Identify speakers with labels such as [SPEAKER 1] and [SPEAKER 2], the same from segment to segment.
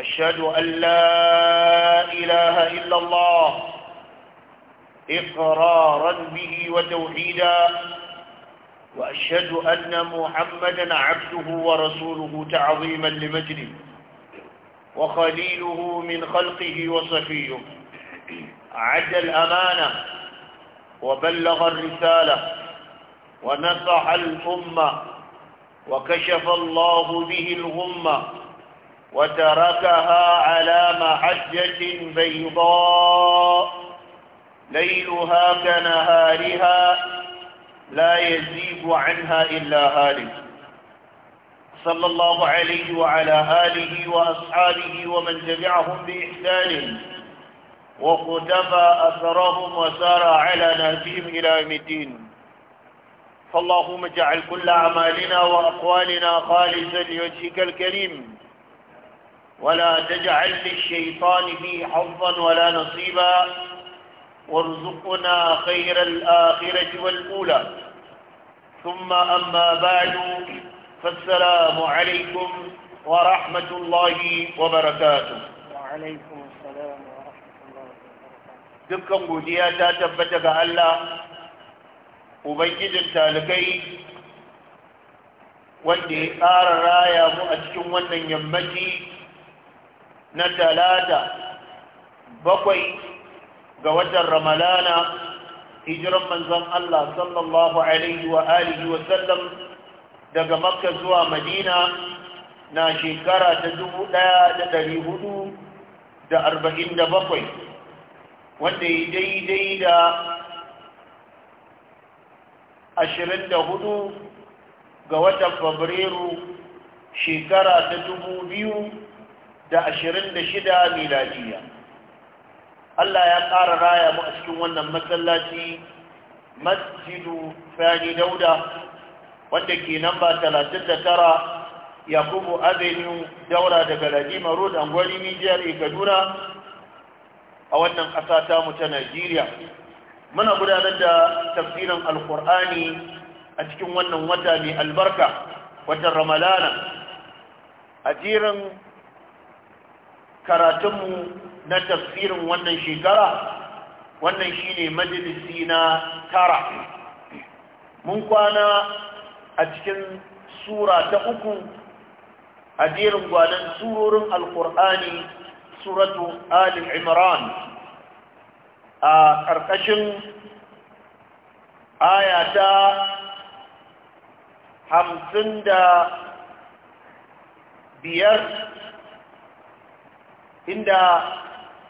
[SPEAKER 1] أشهد أن لا إله إلا الله إقرارا به وتوحيدا وأشهد أن محمدا عبده ورسوله تعظيما لمجده وخليله من خلقه وصفيه عد الأمانة وبلغ الرسالة ونصح الأمة وكشف الله به الغمة وتركها على محجة بيضاء ليلها كنهارها لا يزيد عنها إلا هالك صلى الله عليه وعلى آله وأصحابه ومن تبعهم بإحسان وقتفى أثرهم وسار على نهجهم إلى يوم الدين فاللهم اجعل كل أعمالنا وأقوالنا خالصا لوجهك الكريم ولا تجعل للشيطان فيه حظا ولا نصيبا وارزقنا خير الآخرة والأولى ثم أما بعد فالسلام عليكم ورحمة الله وبركاته
[SPEAKER 2] وعليكم السلام ورحمة الله
[SPEAKER 1] وبركاته دكم قدياتا تبتك ألا وبيجد التالكي wanda ya ƙara raya mu a cikin wannan yammaci na talata bakwai ga watan ramalana hijiran manzan Allah sallallahu alaihi wa alihi wa sallam daga makka zuwa madina na shekara ta dubu ɗaya da ɗari hudu da arba'in da bakwai wanda ya daidai da ashirin da hudu ga watan fabrairu shekara ta dubu biyu da ashirin da shida miladiya Allah ya ƙara raya mu a cikin wannan masallaci masjidu Fani dauda wanda ke namba talatin da tara yakubu avenue daura daga ladima road angwani nijiyar kaduna a wannan ƙasa mu ta najeriya muna gudanar da tafsirin alkur'ani a cikin wannan wata mai albarka watan ramadana a jirin. karatunmu na tafsirin wannan shekara wannan shine majalisi na tara mun kwana a cikin sura ta uku a jerin gwanon surorin alkur'ani suratu ali imran a ƙarƙashin aya ta hamsin da biyar inda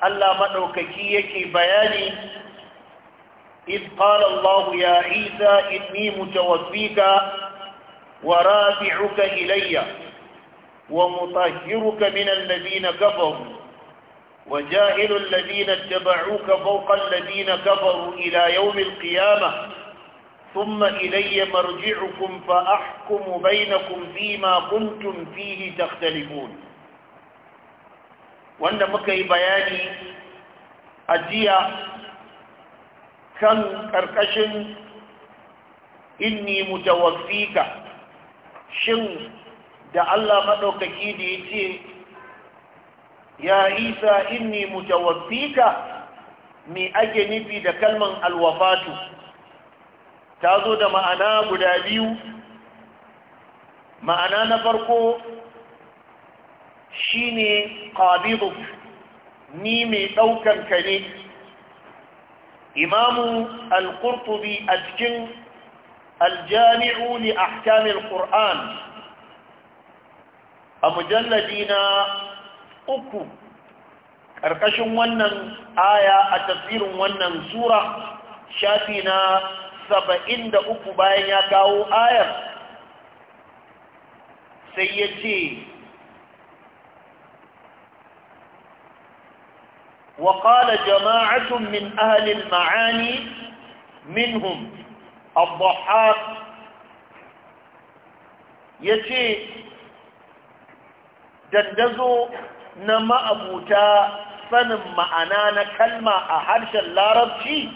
[SPEAKER 1] Allah maɗaukaki yake bayani إذ قال الله يا عيسى إني متوفيك ورافعك إلي ومطهرك من الذين كفروا وجاهل الذين اتبعوك فوق الذين كفروا إلى يوم القيامة ثم إلي مرجعكم فأحكم بينكم فيما كنتم فيه تختلفون wanda muka yi bayani a jiya kan ƙarƙashin inni mutawaffika shin da Allah maɗaukaki da ya ce ya isa inni mutawaffika me ake nufi da kalman alwafatu ta zo da ma'ana guda biyu ma'ana na farko shine qabidu ni mai daukan ka ne imamu al-qurtubi a cikin aljami'u ne li ahkam a mujalladi na uku ƙarƙashin wannan aya a tafsirin wannan sura shafi na saba'in da uku bayan ya kawo ayar sai ya ce وقال جماعة من أهل المعاني منهم الضحاك يتي جندزو نما أبو تا فنما أنان كلمة أحرش اللارب شي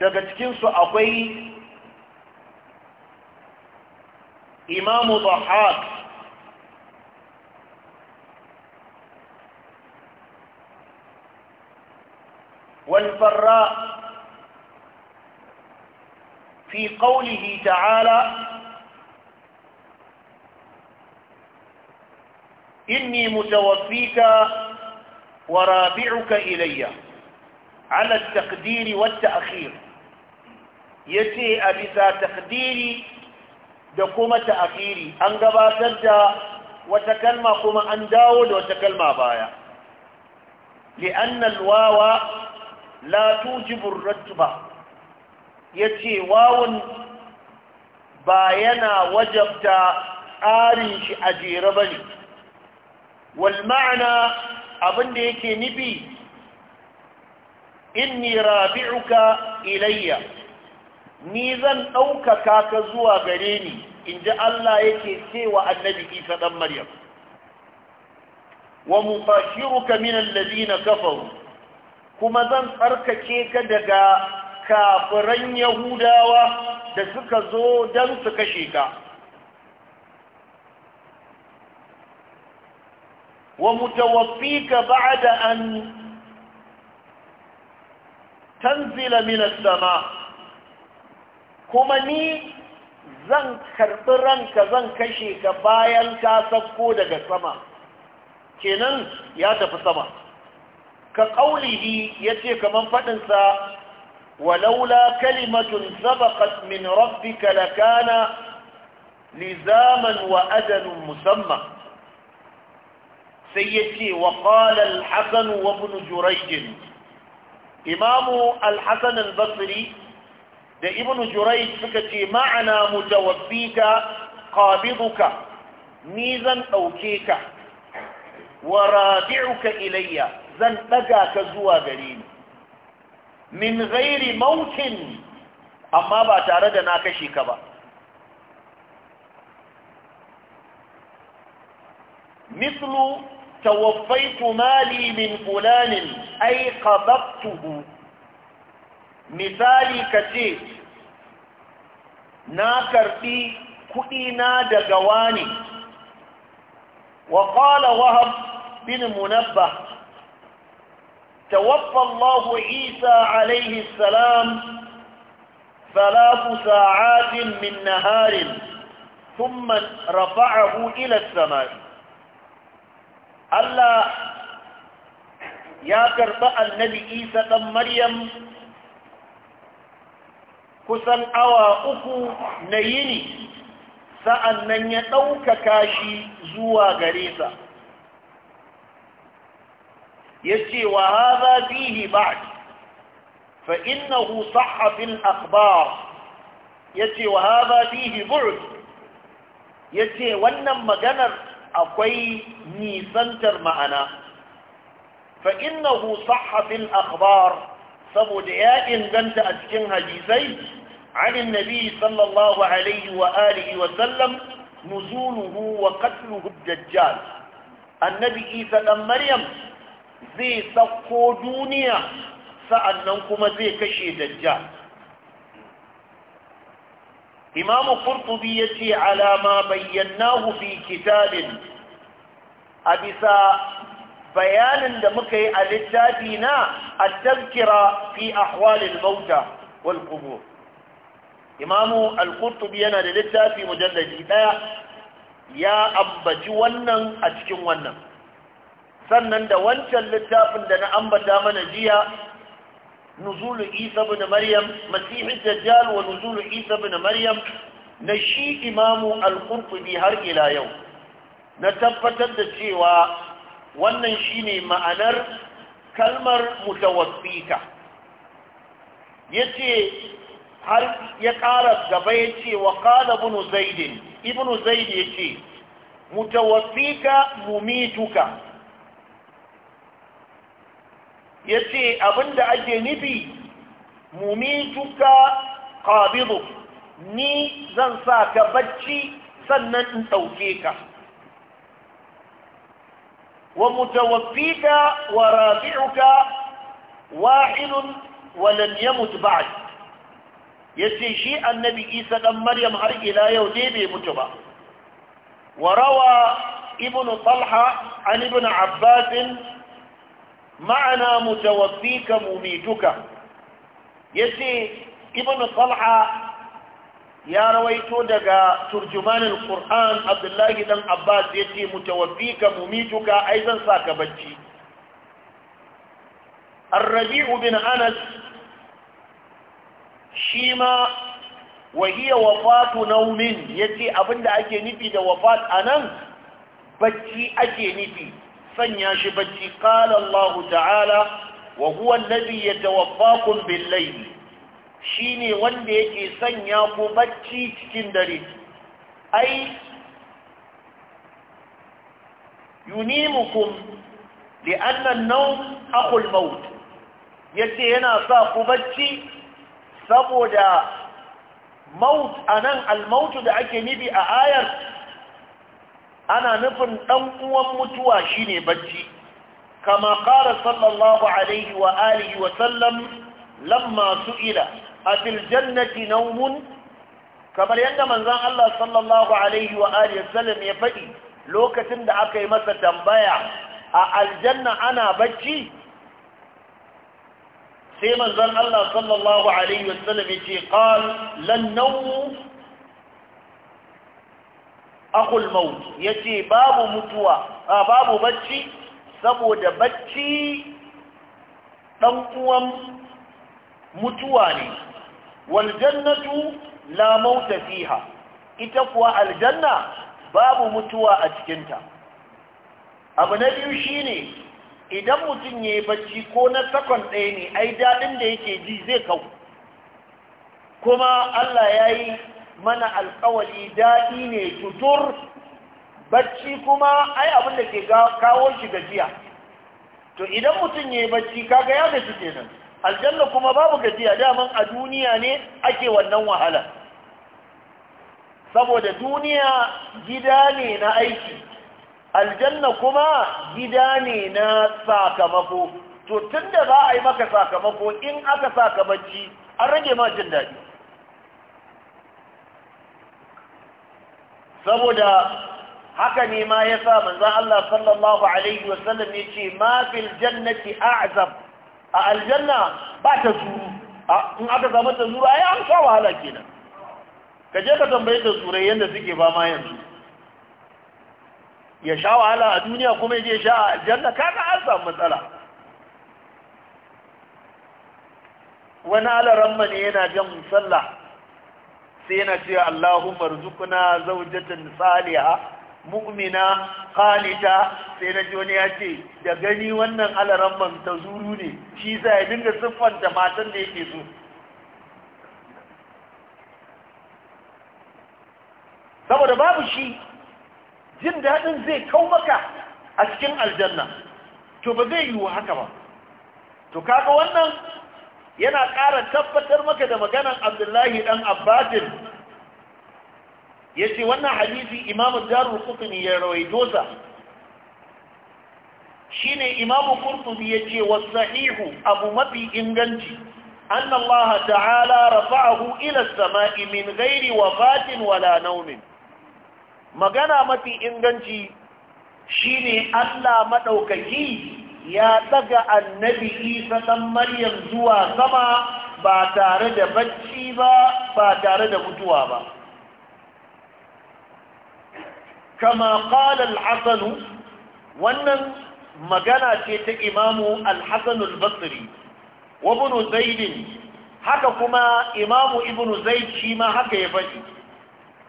[SPEAKER 1] دقت كنسو أخوي إمام ضحاق والفراء في قوله تعالى إني متوفيك ورابعك إلي على التقدير والتأخير يتي أبسا تقديري دكما تأخيري أنقبا تبدأ وتكلم أن داود وتكلم بايا لأن الواو la tujibur rajba yace wawun ba yana wajabta tsarin shi a jere bane wal ma'ana abinda yake nufi inni rabi'uka ilayya ni zan ɗaukaka ka zuwa gare ni in Allah yake cewa annabi isa dan maryam wa mufashiruka min allazina kafaru kuma zan tsarkake ka daga kafiran yahudawa da suka zo don su kashe ka wa mutawaffika da an tanzila min kuma ni zan karɓi ranka zan kashe ka bayan ka sako daga sama kenan ya tafi sama ka qaulihi yace kaman fadin sa walaula kalimatun sabakat min rabbika lakana lizaman wa ajalun musamman, sai yace wa qala al-hasan wa ibn imamu al-hasan basri da ibn jurayj suka ce ma'ana mutawaffika qabiduka ni zan ɗauke ka wa rabi'uka ilayya zan ɗaga ka zuwa gare ni min ghairi mautin amma ba tare da na kashe ka ba mislu tawaffaitu mali min fulanin ai qabtuhu misali kace na karbi kudi na daga wani wa qala wahab bin munabbah توفى الله عيسى عليه السلام ثلاث ساعات من نهار ثم رفعه إلى السماء ألا يا كرباء النبي عيسى بن مريم kusan awa uku na yini sa'an nan ya ɗaukaka shi zuwa gare sa. يجي وهذا فيه بعد فإنه صح في الأخبار يجي وهذا فيه yace wannan maganar akwai nisantar ma'ana fa فإنه صح في akhbar saboda ya inganta a cikin hadisai anin nabi sallallahu alaihi wa wa sallam nuzuluhu wa qatluhu annabi isa dan maryam zai sauko duniya sa'annan kuma zai kashe dajja. imamu ya ce alama bayyana hufi kitabin a bisa bayanin da muka yi a littafi na a tafkira fi ahwalil mauta wal imamu al kurtubi yana da littafi mujalladi ɗaya. ya ambaci wannan a cikin wannan sannan da wancan littafin da na ambata mana jiya nuzulu isa bin maryam dajjal wa nuzulu isa bin maryam na shi imamu al-qurtubi har ila yau na tabbatar da cewa wannan shine ma'anar kalmar mutawaffita yace har ya ƙara gaba yace wa qala ibn zaid ibn zaid yace mutawaffika mumituka ya ce abinda ake nufi mumituka tuka ƙabiru ni zan sa ka bacci sannan in ɗauke ka wa mutawaffika wa rafi'uka wahidun wa lam yamut yace shi annabi Isa ɗan Maryam har ila yau ne bai mutu ba wa ibn ibnu Talha an ibnu ma'ana mutawaffika mumituka yace ibn talha ya rawaito daga turjumanin qur'an abdullahi dan abbas yace mutawaffika mumituka ai zan saka bacci الربيع بن أنس شيما وهي وفاة نوم يتي أبن أجي نفي دا وفاة أنم بجي ake nufi. sanya shi bacci qala ta'ala wa huwa alladhi yatawaffakum bil shi ne wanda yake sanya ku bacci cikin dare ai yunimukum li'anna an-nawm akhu maut yadda yana sa ku bacci saboda maut anan al-maut da ake nibi a ayar ana nufin ɗan uwan mutuwa shine bacci kama ƙara sallallahu alaihi wa alihi wa sallam lamma su'ila a fil jannati naumun kamar yadda manzan Allah sallallahu alaihi wa alihi wa sallam ya faɗi lokacin da aka yi masa tambaya a aljanna ana bacci sai manzan Allah sallallahu alaihi wa sallam ya ce qal lan nawmu akul maut yace babu mutuwa a babu bacci saboda bacci dan uwan mutuwa ne wal jannatu la maut fiha ita kuwa aljanna babu mutuwa a cikinta abu na biyu shine idan mutum yayi bacci ko na sakon ɗaya ne ai daɗin da yake ji zai kau kuma Allah yayi mana alkawali daɗi ne tutur bacci kuma ai abin da ke kawo shi gajiya to idan mutum ya yi bacci kaga ya gaji kenan aljanna kuma babu gajiya daman a duniya ne ake wannan wahala saboda duniya gida ne na aiki aljanna kuma gida ne na sakamako to tunda za a yi maka sakamako in aka saka bacci an rage ma jin daɗi saboda haka ne ma ya sa manzan Allah sallallahu Alaihi wasallam ya ce ma fil jannati a'zab a aljanna ba ta zuru in aka zama ta zuru ai an sha wahala kenan ka je ka tambaye ta zurai yadda suke ba ma yanzu ya sha wahala a duniya kuma ya je sha a aljanna kaga an samu matsala wani alaramma ne yana jan musalla. sai yana cewa Allahumma rzuqna zawjatan salihah mu'mina qanita sai na ji wani ya ce da gani wannan ban ta zuru ne shi sa ya dinga siffanta matan da yake so saboda babu shi jin daɗin zai kau maka a cikin aljanna to ba zai yiwu haka ba to kaga wannan yana ƙara tabbatar maka da maganan abdullahi ɗan abbasin ya ce wannan hadisi imamu jarur kutuni ya rawa'i sa shi ne imamu kurtubi ya ce wasu sahihu abu mafi inganci annallaha ta'ala rafa'ahu ila sama'i min gairi fatin wala naumin magana mafi inganci shi ne Allah maɗaukaki ya daga annabi isa ɗan maryam zuwa sama ba tare da bacci ba ba tare da mutuwa ba kama ƙala al'asanu wannan magana ce ta imamu al al-basri wa bunu zaidin haka kuma imamu ibnu zaid shi ma haka ya faɗi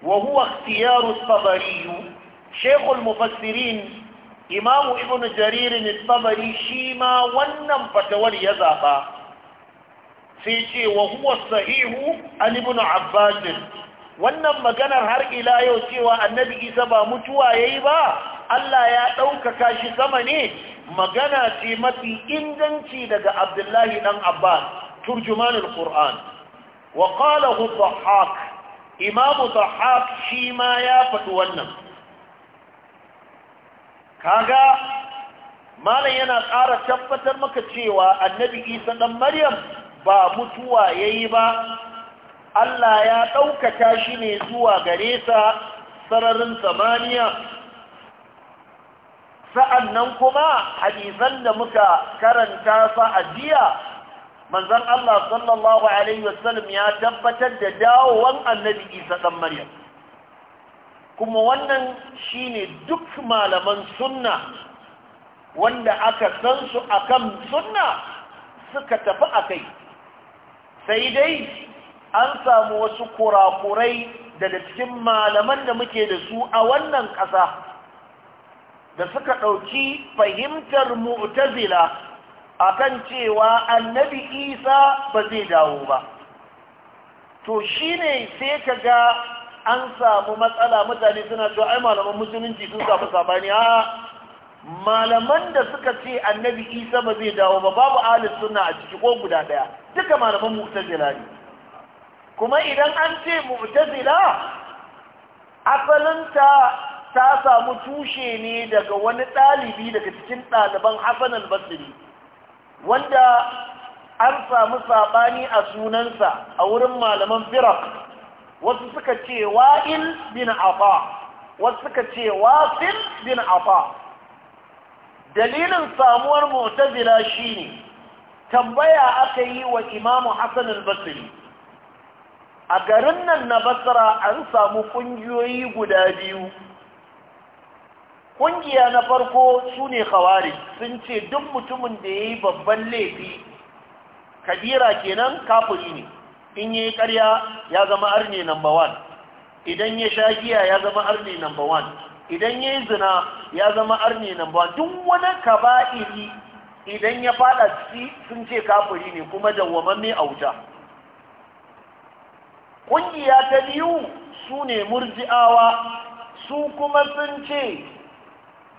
[SPEAKER 1] wa huwa ikhtiyaru tabariyu shaykhul mufassirin imamu ibn jaririn tabari shi ma wannan fatawar ya zaɓa sai ce wa huwa sahihu an ibn abbas wannan maganar har ila yau cewa annabi isa ba mutuwa yayi ba Allah ya ɗaukaka shi sama ne magana ce mafi inganci daga abdullahi dan abbas turjumanul qur'an wa qalahu dhahhak imamu dhahhak shi ma ya faɗi wannan kaga malam yana ƙara tabbatar maka cewa annabi isa ɗan maryam ba mutuwa ya yi ba allah ya ɗaukata shi ne zuwa gare sa sararin samaniya sa'annan kuma hadisan da muka karanta sa jiya manzan allah sallallahu alaihi wasallam ya tabbatar da dawowan annabi isa ɗan maryam kuma wannan shine duk malaman sunna wanda aka san su akan sunna suka tafi a kai, sai dai an samu wasu kurakurai daga cikin malaman da muke da su a wannan ƙasa da suka ɗauki fahimtar mu'tazila akan cewa annabi isa ba zai dawo ba to shine sai ka ga an samu matsala mutane suna cewa ai malaman musulunci sun samu sabani a malaman da suka ce annabi isa ba zai dawo ba babu alis suna a ciki ko guda daya duka malaman mu'tazila ne kuma idan an ce mu'tazila asalinta ta samu tushe ne daga wani ɗalibi daga cikin ɗaliban hassan albasiri wanda an samu saɓani a sunansa a wurin malaman firak wasu suka ce wa'il bin afa wasu suka ce wafil bin afa dalilin samuwar shi shine tambaya aka yi wa imamu hassan al a garin nan na basra an samu ƙungiyoyi guda biyu Ƙungiya na farko su ne sun ce duk mutumin da ya yi babban laifi kabira kenan kafin ne in yi karya ya zama arne number one idan ya sha giya ya zama arne number one idan ya yi zina ya zama arne number one duk wani kaba'iri idan ya fada ciki sun ce kafiri ne kuma dawwamamme a wuta ƙungiya ta biyu su ne murji'awa su kuma sun ce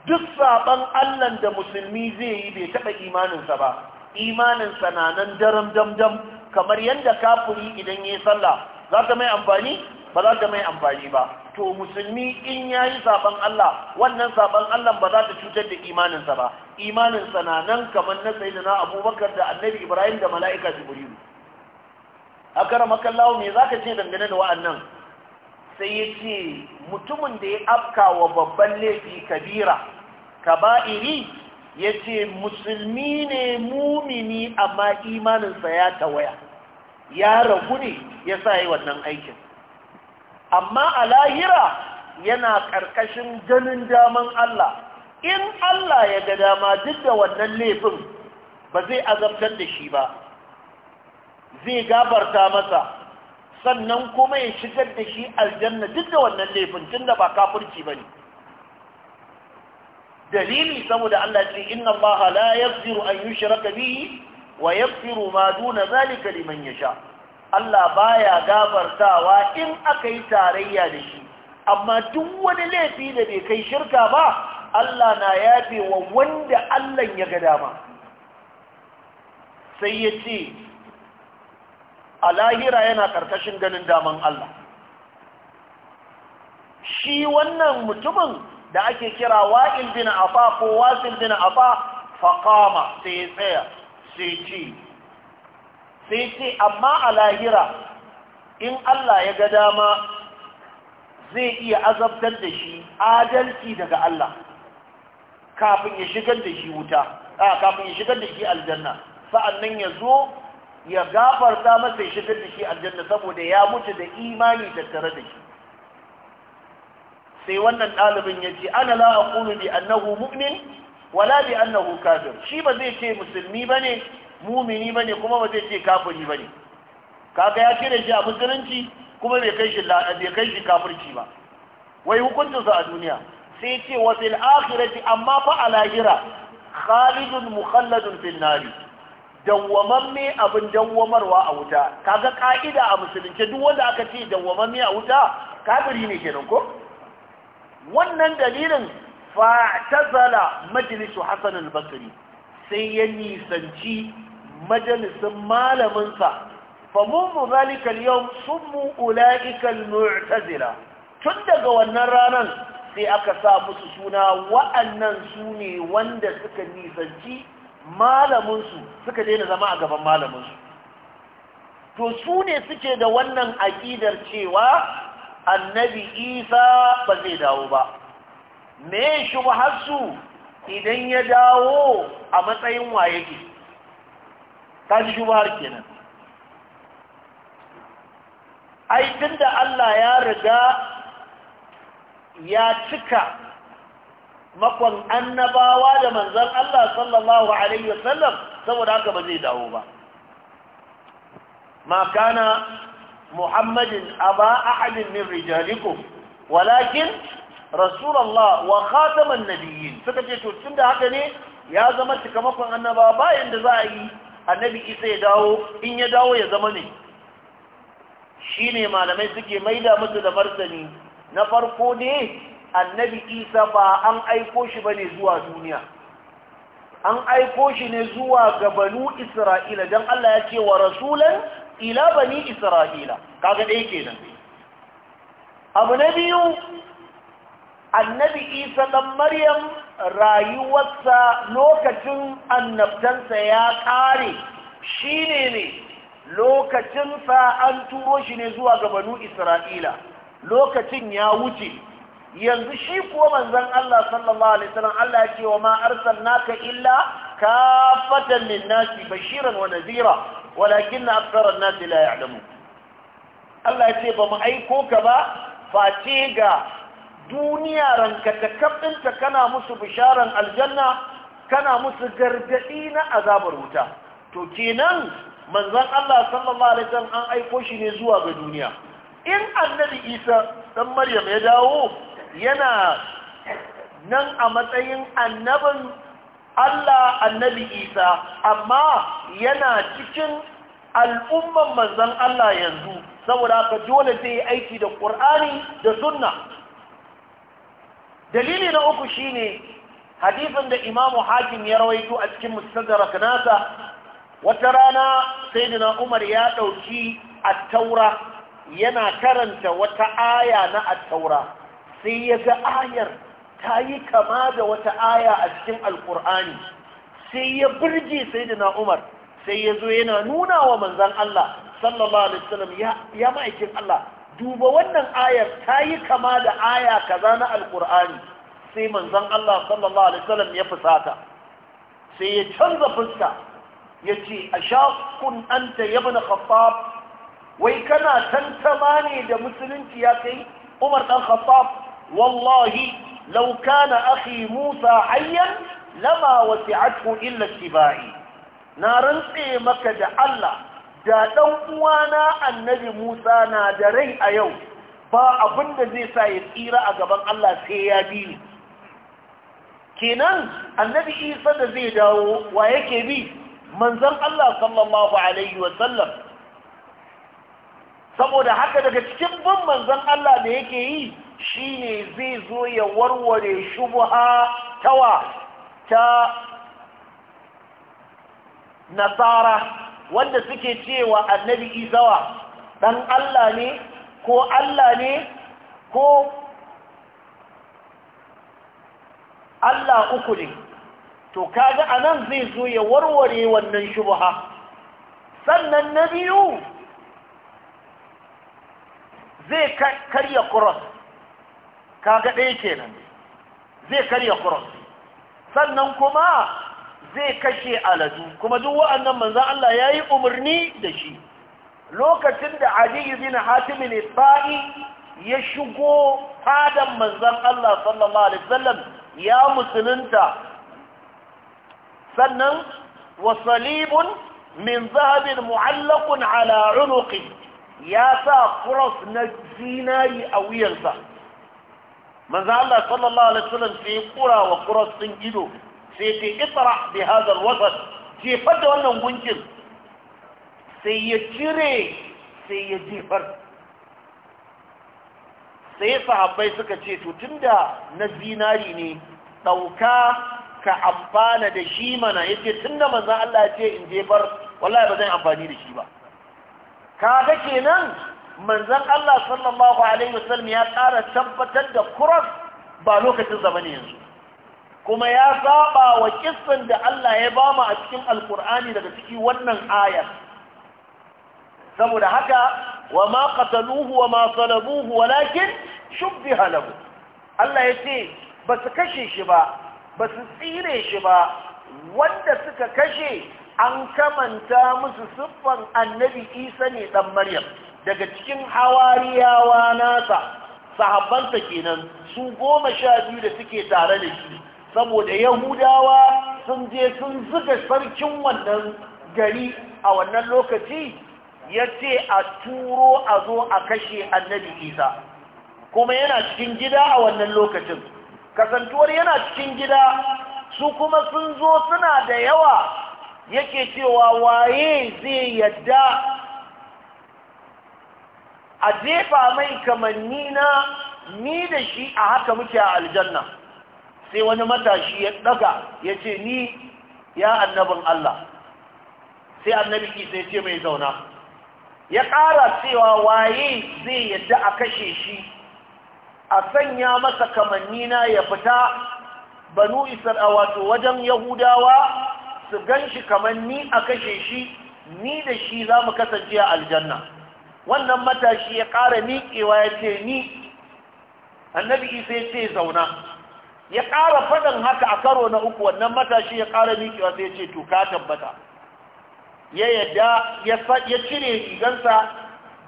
[SPEAKER 1] duk saɓan allan da musulmi zai yi bai taɓa imaninsa ba imaninsa na nan daram dam dam kamar yadda kafuri idan ya yi sallah za ta mai amfani ba za ta mai amfani ba to musulmi in ya yi saban Allah wannan saban Allah ba za ta cutar da imaninsa ba imaninsa na nan kamar na sai na abubakar da annabi ibrahim da mala'ika jibrilu a kara makallawo me za ka ce dangane da wa'annan sai ya ce mutumin da ya afka wa babban laifi kabira kaba'iri ya ce musulmi ne mumini amma imaninsa ya tawaya ya ragu ne ya sa yi wannan aikin amma a lahira yana ƙarƙashin ganin daman Allah in Allah ya ga dama duk da wannan laifin ba zai azabtar da shi ba zai gabarta masa sannan kuma ya shigar da shi aljanna duk da wannan laifin tun da ba kafirci ba ne dalili saboda Allah ce inna Allah la yaghfiru an yushraka bihi wa yaghfiru ma duna zalika liman yasha Allah baya gafartawa in aka yi tarayya da shi amma duk wani laifi da bai kai shirka ba Allah na yafe wa wanda Allah ya ga dama sai ya ce a lahira yana ƙarƙashin ganin daman Allah shi wannan mutumin da ake kira wa'il bin afa ko wasil bin afa faƙama sai ya tsaya sai ce sai ce amma a lahira in Allah ya ga dama zai iya azabtar da shi adalci daga Allah kafin ya shigar da shi wuta kafin ya shigar da shi aljanna sa'annan ya zo ya gafarta masa ya shigar da shi aljanna saboda ya mutu da imani tattare da shi sai wannan ɗalibin ya ce ana la bi annahu mu'min wala bi annahu kafir shi ba zai ce musulmi bane mumini bane kuma ba zai ce kafiri bane kaga ya cire shi a musulunci kuma bai kai shi bai kai shi kafirci ba wai hukuncin sa a duniya sai ce wa fil akhirati amma fa a lahira khalidun mukhalladun fil nari dawwamamme abin dawwamarwa a wuta kaga ka'ida a musulunci duk wanda aka ce dawwamamme a wuta kafiri ne kenan ko wannan dalilin fa'tazala majlisu Hassan al-Bakri sai ya nisanci majalisin malaminsa famunmu zalika yau sun mu ula'ikan mu'tazila tun daga wannan ranar sai aka sa musu suna wa'annan su ne wanda suka nisanci malaminsu suka daina zama a gaban malaminsu to su ne suke da wannan aƙidar cewa annabi isa ba zai dawo ba me shubharsu idan ya dawo a matsayin waye ke kaji shubhar kenan ai da Allah ya riga ya cika makon annabawa da manzan Allah sallallahu Alaihi wasallam saboda haka ba zai dawo ba. Muhammadin a Muhammadin aba ahadin min Rijaliku? walakin rasulullah الله وخاتم النبيين suka ce to tunda haka ne ya zama cikamakon annaba bayan da za a yi annabi isa ya dawo in ya dawo ya zama ne shine malamai suke maida musu da martani na farko ne annabi isa ba an aiko shi bane zuwa duniya an aiko shi ne zuwa ga banu isra'ila don Allah ya ce wa rasulan ila bani isra'ila kaga ɗaya kenan abu na biyu annabi isa ɗan maryam rayuwarsa lokacin annabtansa ya ƙare shi ne ne lokacinsa an turo shi ne zuwa ga banu isra'ila lokacin ya wuce yanzu shi kuwa manzon Allah sallallahu alaihi wasallam Allah ya ce wa ma naka illa kafatan lin-nasi bashiran wa Nazira walakinna akthara an-nasi la ya'lamun Allah ya ce ba mu aiko ka ba face ga duniya rankatakaf ɗinta kana musu bisharan aljanna kana musu gargaɗi na azabar wuta to kenan manzon Allah sallallahu alaihi wasallam an aiko shi ne zuwa ga duniya in annabi Isa dan Maryam ya dawo yana nan a matsayin annabin Allah annabi Isa amma yana cikin al'umman manzon Allah yanzu saboda ka dole sai aiki da Qur'ani da Sunna dalili na uku shine hadisin da imamu hakim ya rawaito a cikin mustadrak nasa wata rana sayyidina umar ya dauki at-taura yana karanta wata aya na at-taura sai ya ga ayar ta yi kama da wata aya a cikin alkur'ani sai ya birge sayyidina umar sai ya zo yana nuna wa manzon Allah sallallahu alaihi wasallam ya ma'aikin Allah duba wannan ayar ta yi kama da aya kaza na alkur'ani sai manzon Allah sallallahu alaihi wasallam ya fusata sai ya canza fuska ya ce a shakun anta yabin khattab wai kana tantama ne da musulunci ya kai umar dan khattab wallahi lauka na akhi musa hayyan lama wasi'atu illa tibai na rantse maka da Allah da ɗan uwana annabi Musa na da rai a yau ba abin da zai sa ya tsira a gaban Allah sai ya bi ni kenan annabi Isa da zai dawo wa yake bi manzon Allah sallallahu alaihi wa sallam saboda haka daga cikin bin manzon Allah da yake yi shine zai zo ya warware shubha tawa ta nasara wanda suke cewa annabi isawa dan Allah ne ko Allah ne ko Allah uku ne to kaga anan zai zo ya warware wannan shubha sannan na biyu zai karya cross kaga ɗaya kenan zai karya kuras. sannan kuma zai kashe aladu kuma duk wa'annan manzan Allah ya yi umarni da shi lokacin da Ali bin Hatim ne ba'i ya shigo fadan manzan Allah sallallahu alaihi wasallam ya musulunta sannan wa salibun min zahabin mu'allaqun ala unuqi ya sa kuros na zinari a wuyarsa manzan Allah sallallahu alaihi wasallam sai kura wa kuros din ido sai ce isra bi hadha wasan, jefar da wannan gunkin sai ya cire sai ya jefar sai sahabbai suka ce to tunda na zinari ne ɗauka ka amfana da shi mana yace tunda manzon Allah ce in jefar wallahi ba zan amfani da shi ba kaga kenan manzon Allah sallallahu alaihi wasallam ya ƙara tabbatar da kuras ba lokacin zamani yanzu kuma ya saba wa kissan da Allah ya ba mu a cikin alkur'ani daga ciki wannan ayar saboda haka wa ma qataluhu wa ma salabuhu walakin shubbiha lahu Allah ya ce ba su kashe shi ba ba su tsire shi ba wanda suka kashe an kamanta musu siffan annabi isa ne dan maryam daga cikin hawariyawa nasa sahabbanta kenan su goma sha biyu da suke tare da shi saboda yahudawa sun je sun zuga sarkin wannan gari a wannan lokaci ya ce a turo a zo a kashe annabi isa kuma yana cikin gida a wannan lokacin kasantuwar yana cikin gida su kuma sun zo suna da yawa yake cewa waye zai yadda a jefa mai kamanni na ni da shi a haka muke a aljanna sai wani matashi ya daga ya ce ni ya annabin Allah sai annabi isa ya ce mai zauna ya ƙara cewa waye zai yadda a kashe shi a sanya masa kamannina ya fita banu a wato wajen yahudawa su gan shi kamanni a kashe shi ni da shi za mu kasance a aljanna wannan matashi ya ƙara miƙewa ya ce ni annabi isa ya ce zauna ya ƙara faɗin haka a karo na uku wannan matashi ya ƙara miƙewa sai ya ce to ka tabbata ya yadda ya cire rigansa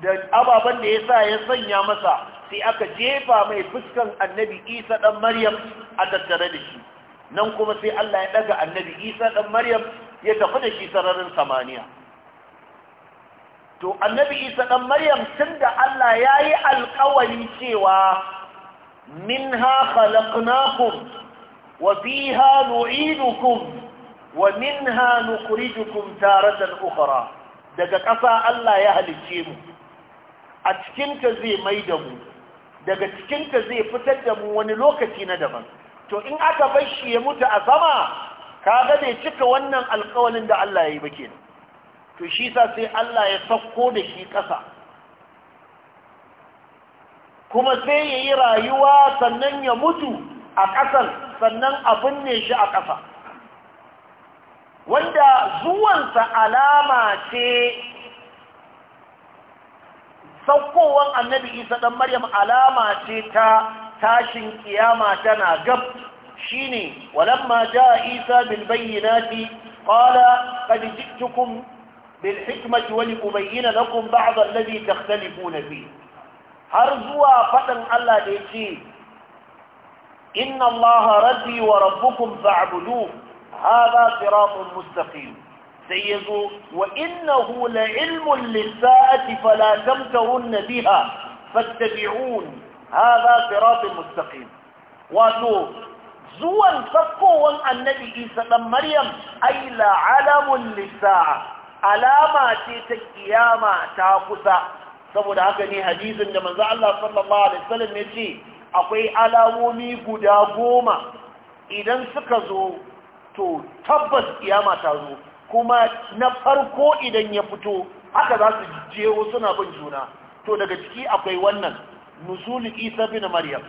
[SPEAKER 1] da ababen da ya sa ya sanya masa sai aka jefa mai fuskan annabi isa ɗan maryam a tattare da shi nan kuma sai allah ya ɗaga annabi isa ɗan maryam ya tafi da shi sararin samaniya to annabi isa ɗan maryam tun da allah ya yi alkawari cewa منها خلقناكم وفيها نعيدكم ومنها نخرجكم تارة أخرى daga ƙasa Allah ya halicce mu a cikinta zai mai da mu daga cikinta zai fitar da mu wani lokaci na daban to in aka bar shi ya mutu a sama ga bai cika wannan alƙawalin da Allah ya yi ba to shi sa sai Allah ya sauko da shi ƙasa kuma sai ya yi rayuwa sannan ya mutu a ƙasar sannan a binne shi a ƙasa wanda zuwansa alama ce saukowar annabi isa ɗan maryam alama ce ta tashin kiyama tana gab shine walamma ja isa bil bayyinati qala qad ji'tukum bil hikmati wa li ubayyana lakum ba'd alladhi takhtalifuna fihi har zuwa faɗin Allah da yake inna Allah rabbi wa rabbukum fa'budu hadha siratun mustaqim sai yazo wa innahu la'ilmun lis-sa'ati fala tamtarun biha fattabi'un hadha siratun mustaqim wato zuwan sakkowan annabi Isa dan Maryam ay la'alamun lis-sa'a alama ce ta kiyama ta kusa saboda haka ne hadisin da manzo Allah sallallahu alaihi wasallam ya ce akwai alamomi guda goma idan suka zo to tabbas kiyama ta zo kuma na farko idan ya fito haka za su jewo suna bin juna to daga ciki akwai wannan nuzul isa bin maryam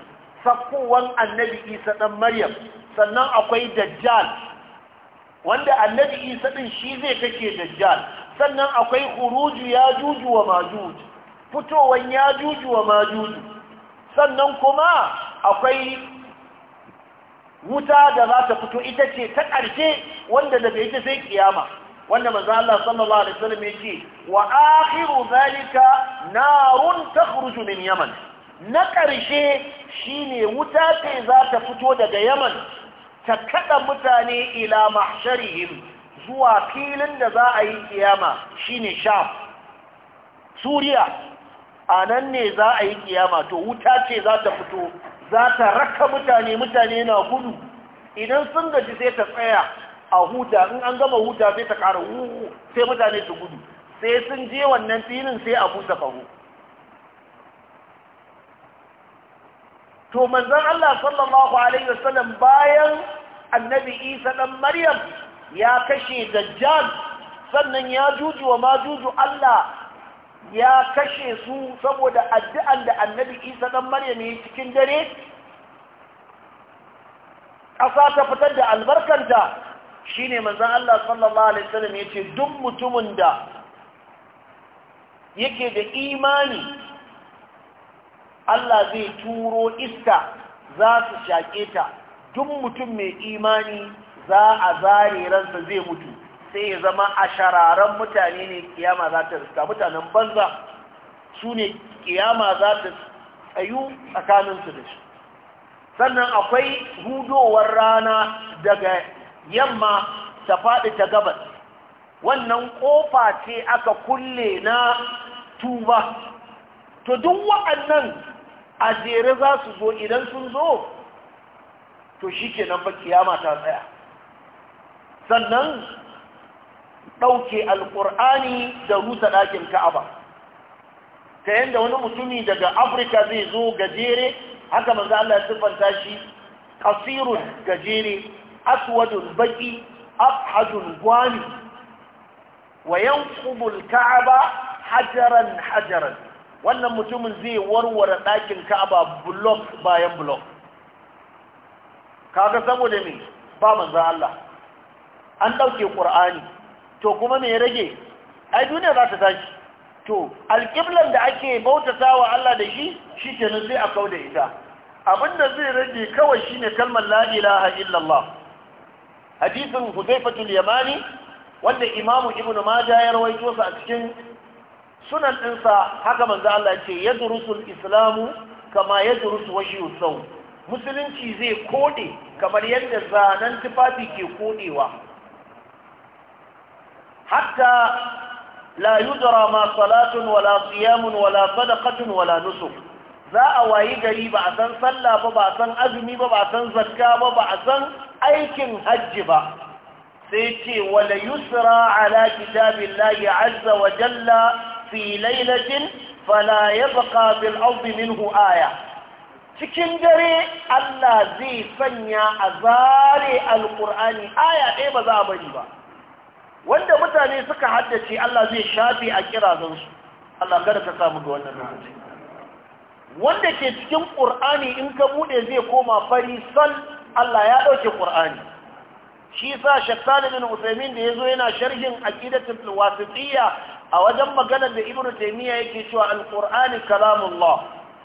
[SPEAKER 1] sakkuwan annabi isa dan maryam sannan akwai dajjal wanda annabi isa din shi zai kake dajjal sannan akwai khuruju ya wa majuju fitowan ya juju wa ma juju sannan kuma akwai wuta da za ta fito ita ce ta ƙarshe wanda daga ita sai kiyama wanda manzo Allah sallallahu alaihi wasallam yace wa akhiru zalika narun takhruju min yaman na ƙarshe shine wuta ce za ta fito daga yaman ta kada mutane ila mahsharihim zuwa filin da za a yi kiyama shine sha suriya a nan ne za a yi kiyama to wuta ce za ta fito za ta raka mutane mutane na gudu idan sun gaji sai ta tsaya a huta in an gama huta sai ta kara huhu sai mutane su gudu sai sun je wannan tsinin sai a busa fahu to manzon Allah sallallahu alaihi wasallam bayan annabi Isa dan Maryam ya kashe dajjal sannan ya juju wa juju Allah ya kashe su saboda addu'an da annabi isa ɗan maryam yi cikin dare ƙasa ta fitar da albarkanta shine manzon Allah sallallahu alaihi wasallam ce, duk mutumin da yake da imani Allah zai turo iska za su shaƙe ta duk mutum mai imani za a zare ransa zai mutu sai ya zama a shararren mutane ne kiyama za ta riska mutanen banza su ne kiyama za ta tsayu tsakaninsu da shi sannan akwai hudowar rana daga yamma ta faɗi ta gabas wannan ƙofa ce aka kulle na tuba to duk waɗannan a jere za su zo idan sun zo to shi ke nan ba kiyama ta tsaya sannan ɗauke alƙur'ani da rusa ɗakin ka'aba ta yadda wani mutumi daga afirka zai zo gajere haka manzo Allah ya siffanta shi kafirun gajere aswadun baki afhadun gwani wa yanqubul ka'aba hajaran hajaran wannan mutumin zai warware ɗakin ka'aba block bayan block kaga saboda me ba manzo Allah an ɗauke ƙur'ani to kuma me rage ai duniya za ta tashi to alƙiblan da ake bautata wa Allah da shi shi ke nan sai a kau da ita abinda zai rage kawai shi ne kalmar la'ilaha illallah hadisin hudaifatul yamani wanda imamu ibn maja ya rawaito sa a cikin sunan ɗinsa haka manzo Allah ce yadrusul islamu kama yadrusu durusu washi musulunci zai kode kamar yadda zanen tufafi ke kodewa. Hatta لا يدرى ما صلاة ولا صيام ولا صدقة ولا نسك za a wayi gari ba a san sallah ba ba a san azumi ba a san zakka ba ba a san aikin hajji ba sai ce wala yusra ala kitabillahi azza wa jalla fi lailatin fala yabqa bil ardi minhu aya cikin dare Allah zai sanya a zare alqur'ani aya ɗaya ba za a bari ba wanda mutane suka haddace Allah zai shafe a kirazansu Allah kada ka samu ga wannan lokaci wanda ke cikin Qur'ani in ka bude zai koma fari sal Allah ya dauke Qur'ani shi sa Shakkani bin Uthaymeen da yazo yana sharhin aqidatul wasitiyya a wajen maganar da Ibn Taymiyyah yake cewa al-Qur'ani kalamullah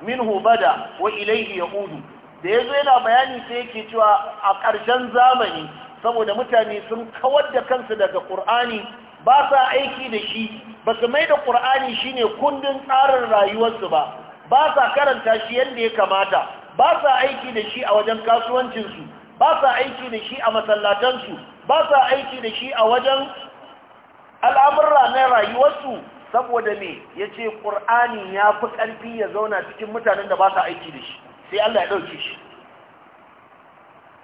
[SPEAKER 1] minhu bada wa ilayhi yaudu da yazo yana bayani sai yake cewa a ƙarshen zamani saboda mutane sun kawar da kansu daga ƙur'ani ba sa aiki da shi ba su mai da ƙur'ani shine kundin tsarin rayuwarsu ba ba sa karanta shi yadda ya kamata ba sa aiki da shi a wajen kasuwancinsu ba sa aiki da shi a masallatansu ba sa aiki da shi a wajen al'amurra na rayuwarsu saboda me ya ce ƙur'ani ya fi ƙarfi ya zauna cikin mutanen da ba sa aiki da shi sai Allah ya ɗauke shi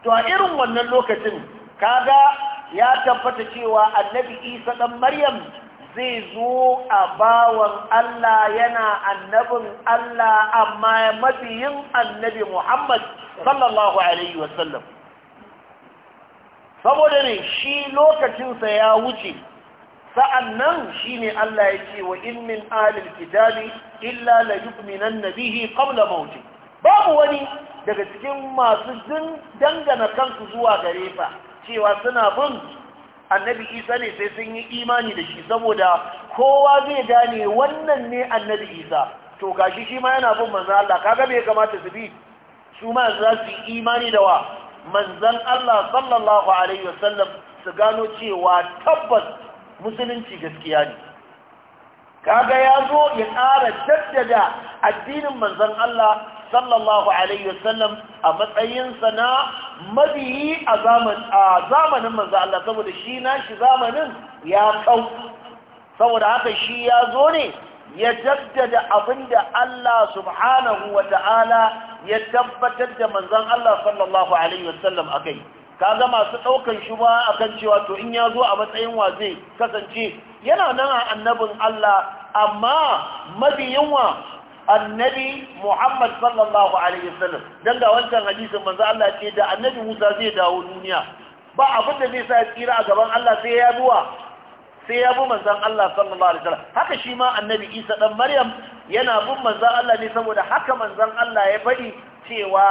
[SPEAKER 1] to a irin wannan lokacin kaga ya tabbata cewa annabi isa ɗan maryam zai zo a bawan Allah yana annabin Allah amma mafiyin annabi Muhammad sallallahu Alaihi wasallam saboda ne shi lokacinsa ya wuce sa'an nan shi ne Allah ya ce wa in min alil kitabi illa la yukminan nabihi qabla mauti babu wani daga cikin masu dangana kansu zuwa gare sa cewa suna bin annabi isa ne sai sun yi imani da shi saboda kowa zai gane wannan ne annabi isa to gashi shi ma yana bin manzan Allah kaga bai kamata su bi su ma za su yi imani da wa manzan Allah sallallahu alaihi wasallam su gano cewa tabbas musulunci gaskiya ne kaga ya zo ya ƙara jaddada addinin manzan Allah sallallahu alaihi wasallam a matsayinsa na mabiyi a zamanin manzo Allah saboda shi na shi zamanin ya kau saboda haka shi ya zo ne ya jaddada abinda Allah subhanahu wa ta'ala ya tabbatar da manzon Allah sallallahu alaihi wasallam akai kaga masu ɗaukan shi ba akan cewa to in ya zo a matsayin wa zai kasance yana nan a annabin Allah amma mabiyin wa annabi Muhammad sallallahu alaihi wasallam don ga wancan hadisin manzo Allah ce da annabi Musa zai dawo duniya ba abin da zai sa ya tsira a gaban Allah sai ya duwa sai ya bi manzon Allah sallallahu alaihi wasallam haka shi ma annabi Isa dan Maryam yana bin manzon Allah ne saboda haka manzon Allah ya faɗi cewa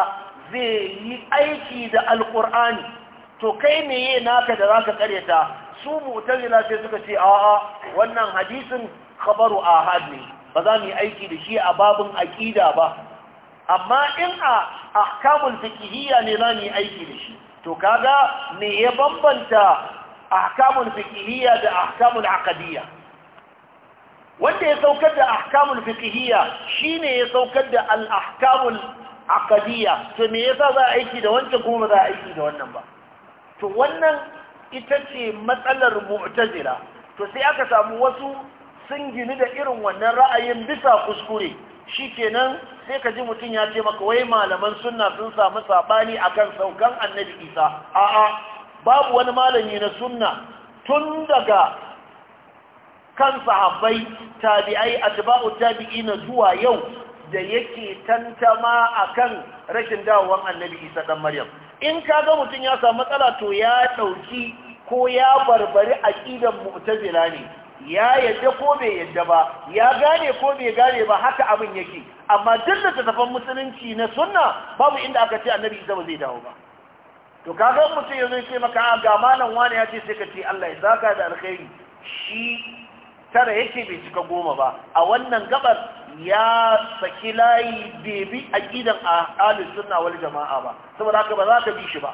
[SPEAKER 1] zai yi aiki da alqur'ani to kai meye naka da zaka karyata su mu'tazila sai suka ce a'a wannan hadisin khabaru ahad ne ba za mu yi aiki da shi a babin aƙida ba amma in a ahkamul fiqhiyya ne za mu yi aiki da shi to kaga me ya bambanta ahkamul fiqhiyya da ahkamul aqdiyya wanda ya saukar da ahkamul fiqhiyya shine ya saukar da al ahkamul aqdiyya to me yasa za a aiki da wancan kuma ba za a aiki da wannan ba to wannan ita ce matsalar mu'tazila to sai aka samu wasu sun gini da irin wannan ra'ayin bisa kuskure shi kenan sai ka ji mutum ya ce maka wai malaman sunna sun samu saɓani akan saukan annabi isa a'a babu wani malami na sunna tun daga kan sahabbai tabi'ai tabi'i na zuwa yau da yake tantama kan rashin dawowar annabi isa dan maryam in ka ga mutum ya samu matsala to ya ɗauki ko ya barbari aƙidan mu'tazila ne ya yadda ko bai yadda ba ya gane ko bai gane ba haka abin yake amma duk da tafan musulunci na sunna babu inda aka ce annabi isa ba zai dawo ba to kaga mutum yanzu ya ce maka ah, ga malam wani ya ce sai ka ce Allah ya zaka da alkhairi shi tara yake bai cika goma ba a wannan gabar ya saki layi bai bi aqidan ahlus sunna wal jama'a ba saboda haka ba za ka bi shi ba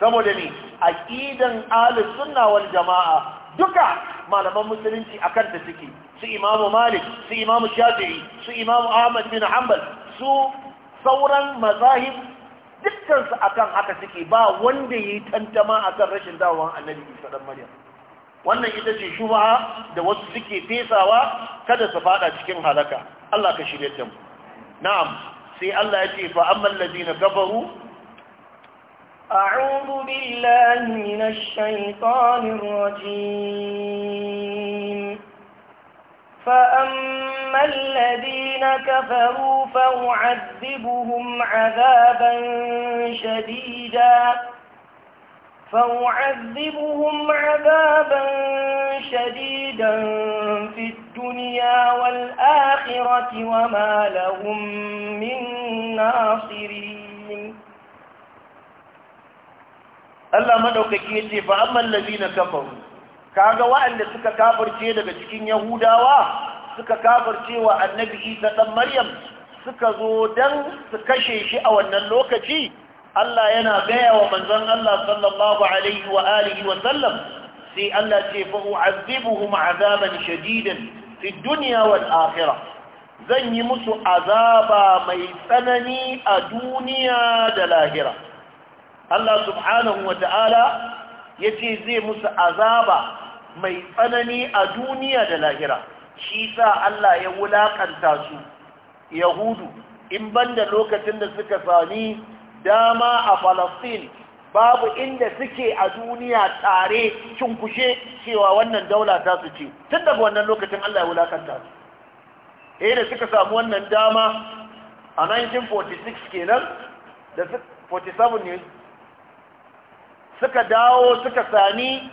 [SPEAKER 1] saboda ne aqidan ahlus sunna wal jama'a duka malaman musulunci akan ta suke su imamu malik su imamu shafi'i su imamu ahmad bin hanbal su sauran mazahib dukkansu akan haka suke ba wanda yayi tantama akan rashin dawo annabi isa dan maryam wannan ita ce shubaha da wasu suke fesawa kada su fada cikin halaka Allah ka shirye da mu na'am sai Allah ya ce fa amman ladina kafaru أعوذ بالله من الشيطان الرجيم فأما الذين كفروا فأعذبهم عذابا شديدا فأعذبهم عذابا شديدا في الدنيا والآخرة وما لهم من ناصرين Allah madaukaki yace fa amman ladina kafaru kaga wa'anda suka kafirce daga cikin yahudawa suka kafirce wa annabi Isa dan Maryam suka zo dan su kashe shi a wannan lokaci Allah yana gaya wa manzon Allah sallallahu alaihi wa alihi wa sallam sai Allah ce fa u'azzibuhum azaban shadidan fi dunya wal akhirah zan yi musu azaba mai tsanani a duniya da lahira Allah subhanahu wa ta'ala ya ce zai musu azaba mai tsanani a duniya da lahira shi sa Allah ya wulakanta su yahudu in banda lokacin da suka sami dama a falastin babu inda suke a duniya tare cunkushe cewa wannan daula ta su ce tun daga wannan lokacin Allah ya wulakanta su E da suka samu wannan dama a 1946 kenan da 47 ne suka dawo suka sani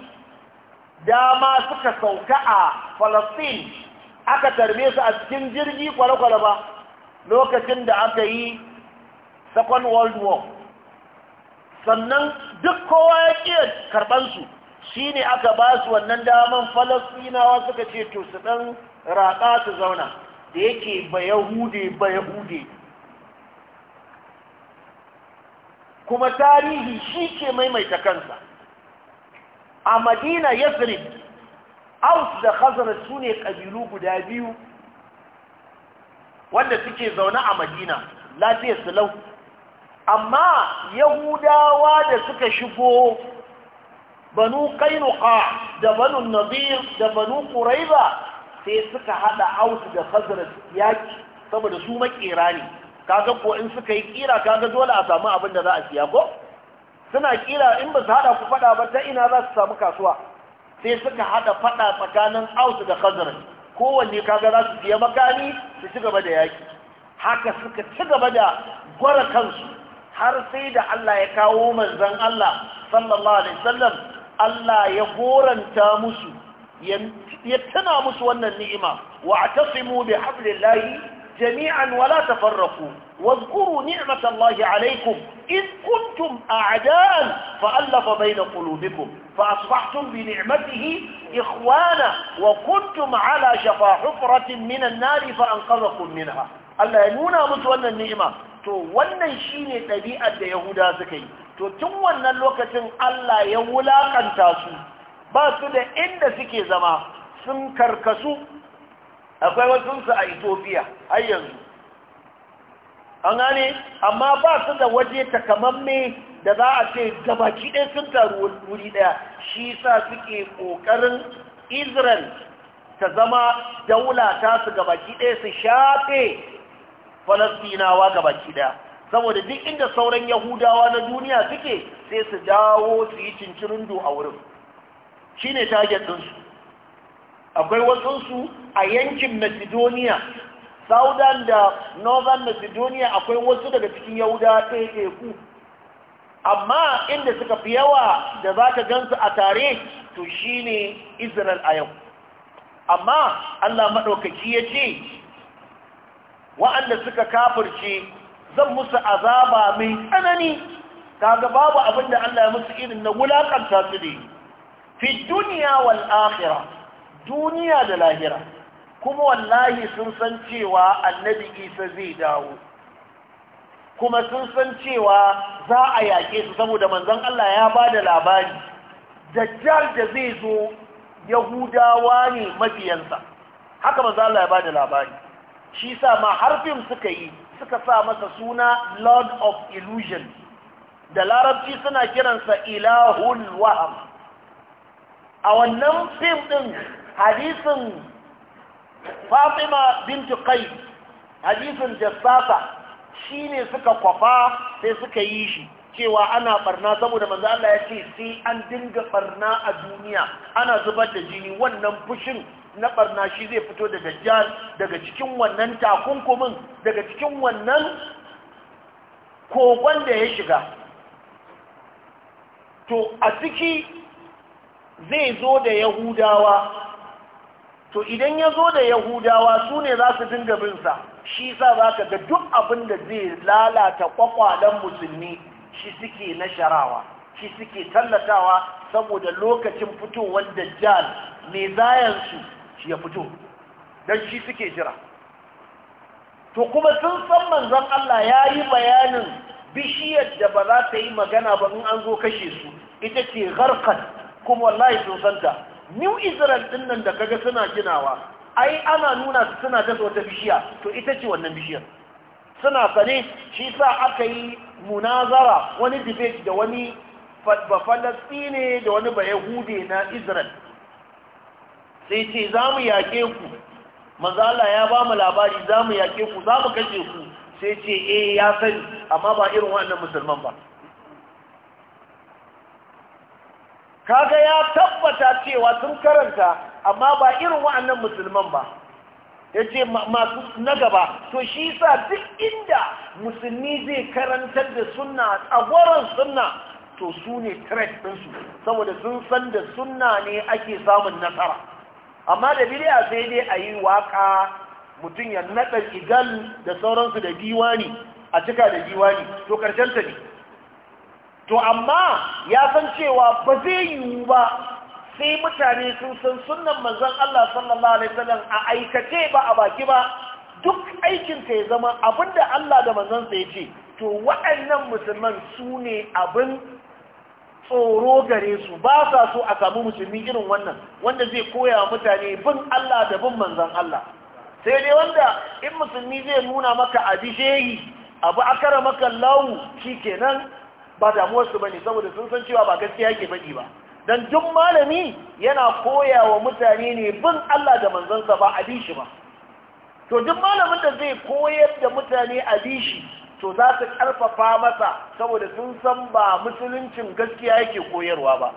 [SPEAKER 1] dama suka sauka a falastin aka tarbe su a cikin jirgi kwale-kwale ba lokacin da aka yi second world war sannan duk kowa ya ƙiya karɓansu shi ne aka ba su wannan daman falastinawa suka ce to su ɗan raƙa su zauna da yake bayahude-bayahude. kuma tarihi shi ke maimaita kansa a madina yathrib aus da khazraj su ne ƙabilu guda biyu wanda suke zaune a madina lafiya su amma yahudawa da suka shigo banu kainuka da banu nazir da banu kuraiba sai suka hada aus da khazraj yaki saboda su makera ne kaga ko in suka yi kira kaga dole a samu abin da za a siya ko suna kira in ba su hada ku fada ba ta ina za su samu kasuwa sai suka hada fada tsakanin aus da khazraj kowanne kaga za su siya makami su ci gaba da yaki haka suka ci gaba da gwara kansu har sai da Allah ya kawo manzon Allah sallallahu alaihi wasallam Allah ya goranta musu ya tuna musu wannan ni'ima wa atasimu bi hablillahi جميعا ولا تفرقوا واذكروا نعمة الله عليكم إذ كنتم أعداء فألف بين قلوبكم فأصبحتم بنعمته إخوانا وكنتم على شفا حفرة من النار فأنقذكم منها Allah ya nuna musu wannan ni'ima to wannan shine ɗabi'ar da Yahuda suka yi to tun wannan lokacin Allah ya wulaƙanta su ba su da inda suke zama sun karkasu akwai wasunsu a ethiopia har yanzu an gane amma ba su da waje takamamme da za a ce gabaki ɗaya sun taru wuri ɗaya shi sa suke ƙoƙarin israel ta zama daula ta su gabaki ɗaya su shafe falastinawa gabaki ɗaya saboda duk inda sauran yahudawa na duniya suke sai su dawo su yi cincirindo a wurin shi ne target ɗinsu akwai wasunsu a yankin macedonia southern da northern macedonia akwai wasu daga cikin yahuda eku. amma inda suka fi yawa da za ka gansu a tare to shi ne israel a yau amma allah maɗaukaki ya ce wa'anda suka kafirce zan musu azaba mai tsanani kaga babu abin da allah ya musu irin na wulaƙanta su ne fi duniya wal akhira duniya da lahira kuma wallahi sun san cewa annabi isa zai dawo kuma sun san cewa za a yaƙe su saboda manzon Allah ya ba da labari dajjal da zai zo yahudawa ne mafiyansa. haka manzon Allah ya ba da labari shi sa ma harfin suka yi suka sa masa suna lord of illusion da larabci suna kiransa ilahul waham a wannan fim ɗin hadisin fatima bintu Kai, hadisin jassasa ne suka kwafa sai suka yi shi cewa ana barna saboda manzo Allah ya ce sai an dinga barna a duniya ana zubar da jini wannan fushin na barna shi zai fito da dajjal daga cikin wannan takunkumin daga cikin wannan kogon da ya shiga to a ciki zai zo da yahudawa to idan ya zo da yahudawa su ne za su dinga binsa shi sa za ka ga duk abin da zai lalata kwakwalen musulmi shi suke na sharawa shi suke tallatawa saboda lokacin fitowar dajjal mai zayansu shi ya fito don shi suke jira to kuma sun san manzon Allah ya yi bayanin bishiyar da ba za ta yi magana ba in an zo kashe su ita ce garkan kuma wallahi sun santa new israel din nan da kaga suna ginawa ai ana nuna su suna dasa wata bishiya to ita ce wannan bishiyar suna sane shi sa aka yi munazara wani debate da wani bafalasti ne da wani bayahude na israel sai ce za mu yake ku mazala ya ba mu labari za mu yake ku za mu kashe ku sai ce eh ya sani amma ba irin wannan musulman ba kaga ya tabbata cewa sun karanta amma ba irin wa'annan musulman ba ya ce masu na gaba to shi sa duk inda musulmi zai karantar da sunna tsagoron suna to su ne trek ɗinsu saboda sun san da suna ne ake samun nasara amma da bidiya sai dai a yi waka mutum ya naɗa igal da sauransu da giwani a cika da giwani to ta ne to amma ya san cewa ba zai yiwu ba sai mutane sun san sunan manzon Allah sallallahu alaihi wasallam a aikace ba a baki ba duk aikin ya zama abinda Allah da manzon ya ce, to waɗannan musulman su ne abin tsoro gare su ba sa so a samu musulmi irin wannan wanda zai koya mutane bin Allah da bin manzon Allah sai dai wanda in musulmi zai nuna maka abi shehi abu akara maka lawu kenan. ba damuwarsu ba ne saboda sun san cewa ba gaskiya yake faɗi ba Dan duk malami yana koyawa wa mutane ne bin Allah da manzansa ba a ba to duk malamin da zai koyar da mutane a to za su ƙarfafa masa saboda sun san ba musuluncin gaskiya yake koyarwa ba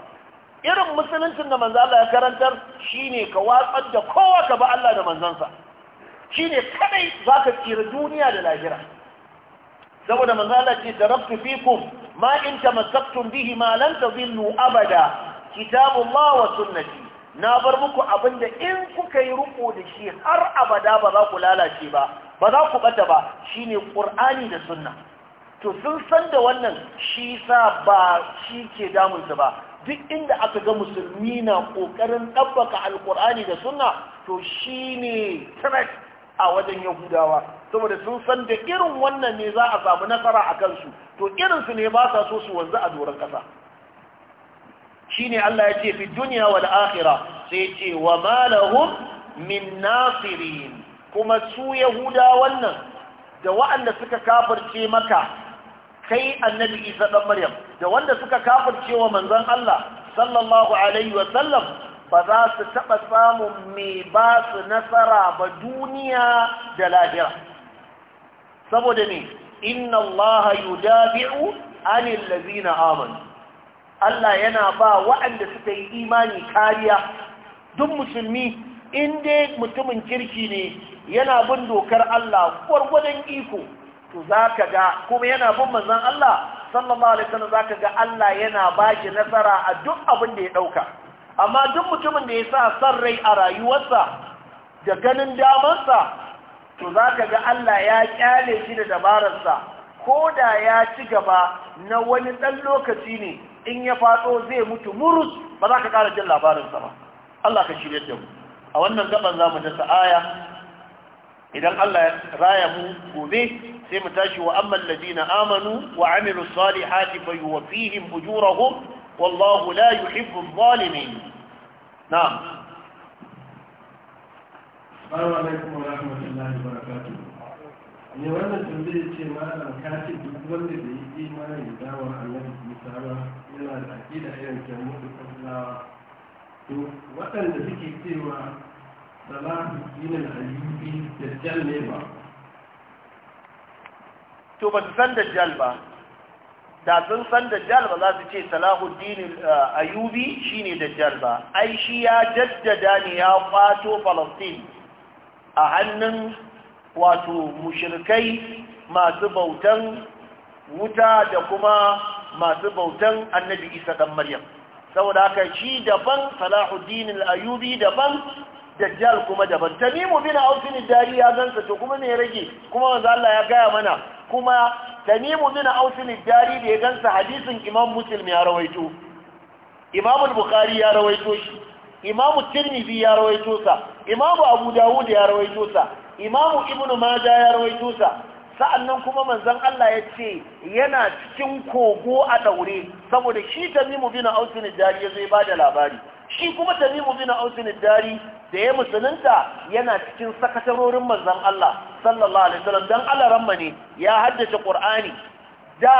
[SPEAKER 1] irin musuluncin da manzo Allah ya karantar shine ka watsar da kowa ka ba Allah da manzansa shine kadai zaka tsira duniya da lahira saboda manzo Allah ce taraktu fikum ma in tamassaktum bihi ma lan tadhillu abada kitabullah wa sunnati na bar muku abinda in kuka yi ruko da shi har abada ba za ku lalace ba ba za ku bata ba shine qur'ani da sunna to sun san da wannan shi sa ba shi ke su ba duk inda aka ga musulmi na kokarin dabbaka alqur'ani da sunna to shine threat a wajen yahudawa saboda sun san da irin wannan ne za a samu nasara a kansu to irinsu ne ba sa so su wanzu a doron ƙasa shine Allah ya ce fi duniya da akhira sai ce wa ma min nasirin kuma su yahuda wannan da wa'anda suka kafarce maka kai annabi Isa ɗan Maryam da wanda suka kafarce wa manzon Allah sallallahu alaihi Wasallam. ba za su taɓa samun mai ba su nasara ba duniya da lahira saboda ne inna Allah yudabi'u anil ladzina amanu Allah yana ba waɗanda suka yi imani kariya duk musulmi in dai mutumin kirki ne yana bin dokar Allah gwargwadon iko to ka ga kuma yana bin manzon Allah sallallahu alaihi wasallam zaka ga Allah yana ba shi nasara a duk abin da ya ɗauka. amma duk mutumin da ya sa san rai a rayuwarsa da ganin damarsa to za ka ga Allah ya kyale shi da dabararsa ko da ya ci gaba na wani ɗan lokaci ne in ya faɗo zai mutu murus ba za ka ƙara jin labarinsa ba Allah ka shirya da mu a wannan gaban za mu dasa aya idan Allah ya raya mu gobe sai mu tashi wa amman ladina amanu wa amilu salihati fa yuwaffihim ujurahum والله لا يحب الظالمين نعم
[SPEAKER 2] السلام عليكم ورحمة الله وبركاته يوانا تنبيه تيمانا كاتب بكل ذي إيمان يداوى عن نفس مسارة إلا الأكيد أيام تموت قبل وطن ذلك تيمى صلاة الدين الأيوبي
[SPEAKER 1] تجل نيمة تبتزل الجلبة da sun san dajjal ba za su ce salahuddin eh, ayubi shine dajjal ba ai shi ya jaddada ne ya kwato falastin a hannun wato mushrikai masu bautan wuta da kuma masu bautan annabi isa dan maryam saboda aka shi daban salahuddin ayubi daban dajjal kuma daban tamimu bin aufin dari ya gansa to kuma ne ya rage kuma manzo Allah ya gaya mana kuma tamimu بن ausin dari da ya gansa hadisin imam muslim ya rawaito imam bukhari ya rawaito shi imam tirmidhi ya rawaito sa imam abu dawud ya rawaito sa imam ibnu majah ya rawaito sa'annan kuma manzon Allah ya ce yana cikin kogo a daure saboda shi tamimu bin ausin dari zai bada labari shi kuma tamimu bin ausin dari da ya musulunta yana cikin sakatarorin manzon Allah sallallahu alaihi wasallam dan Allah ramma ne ya haddace Qur'ani da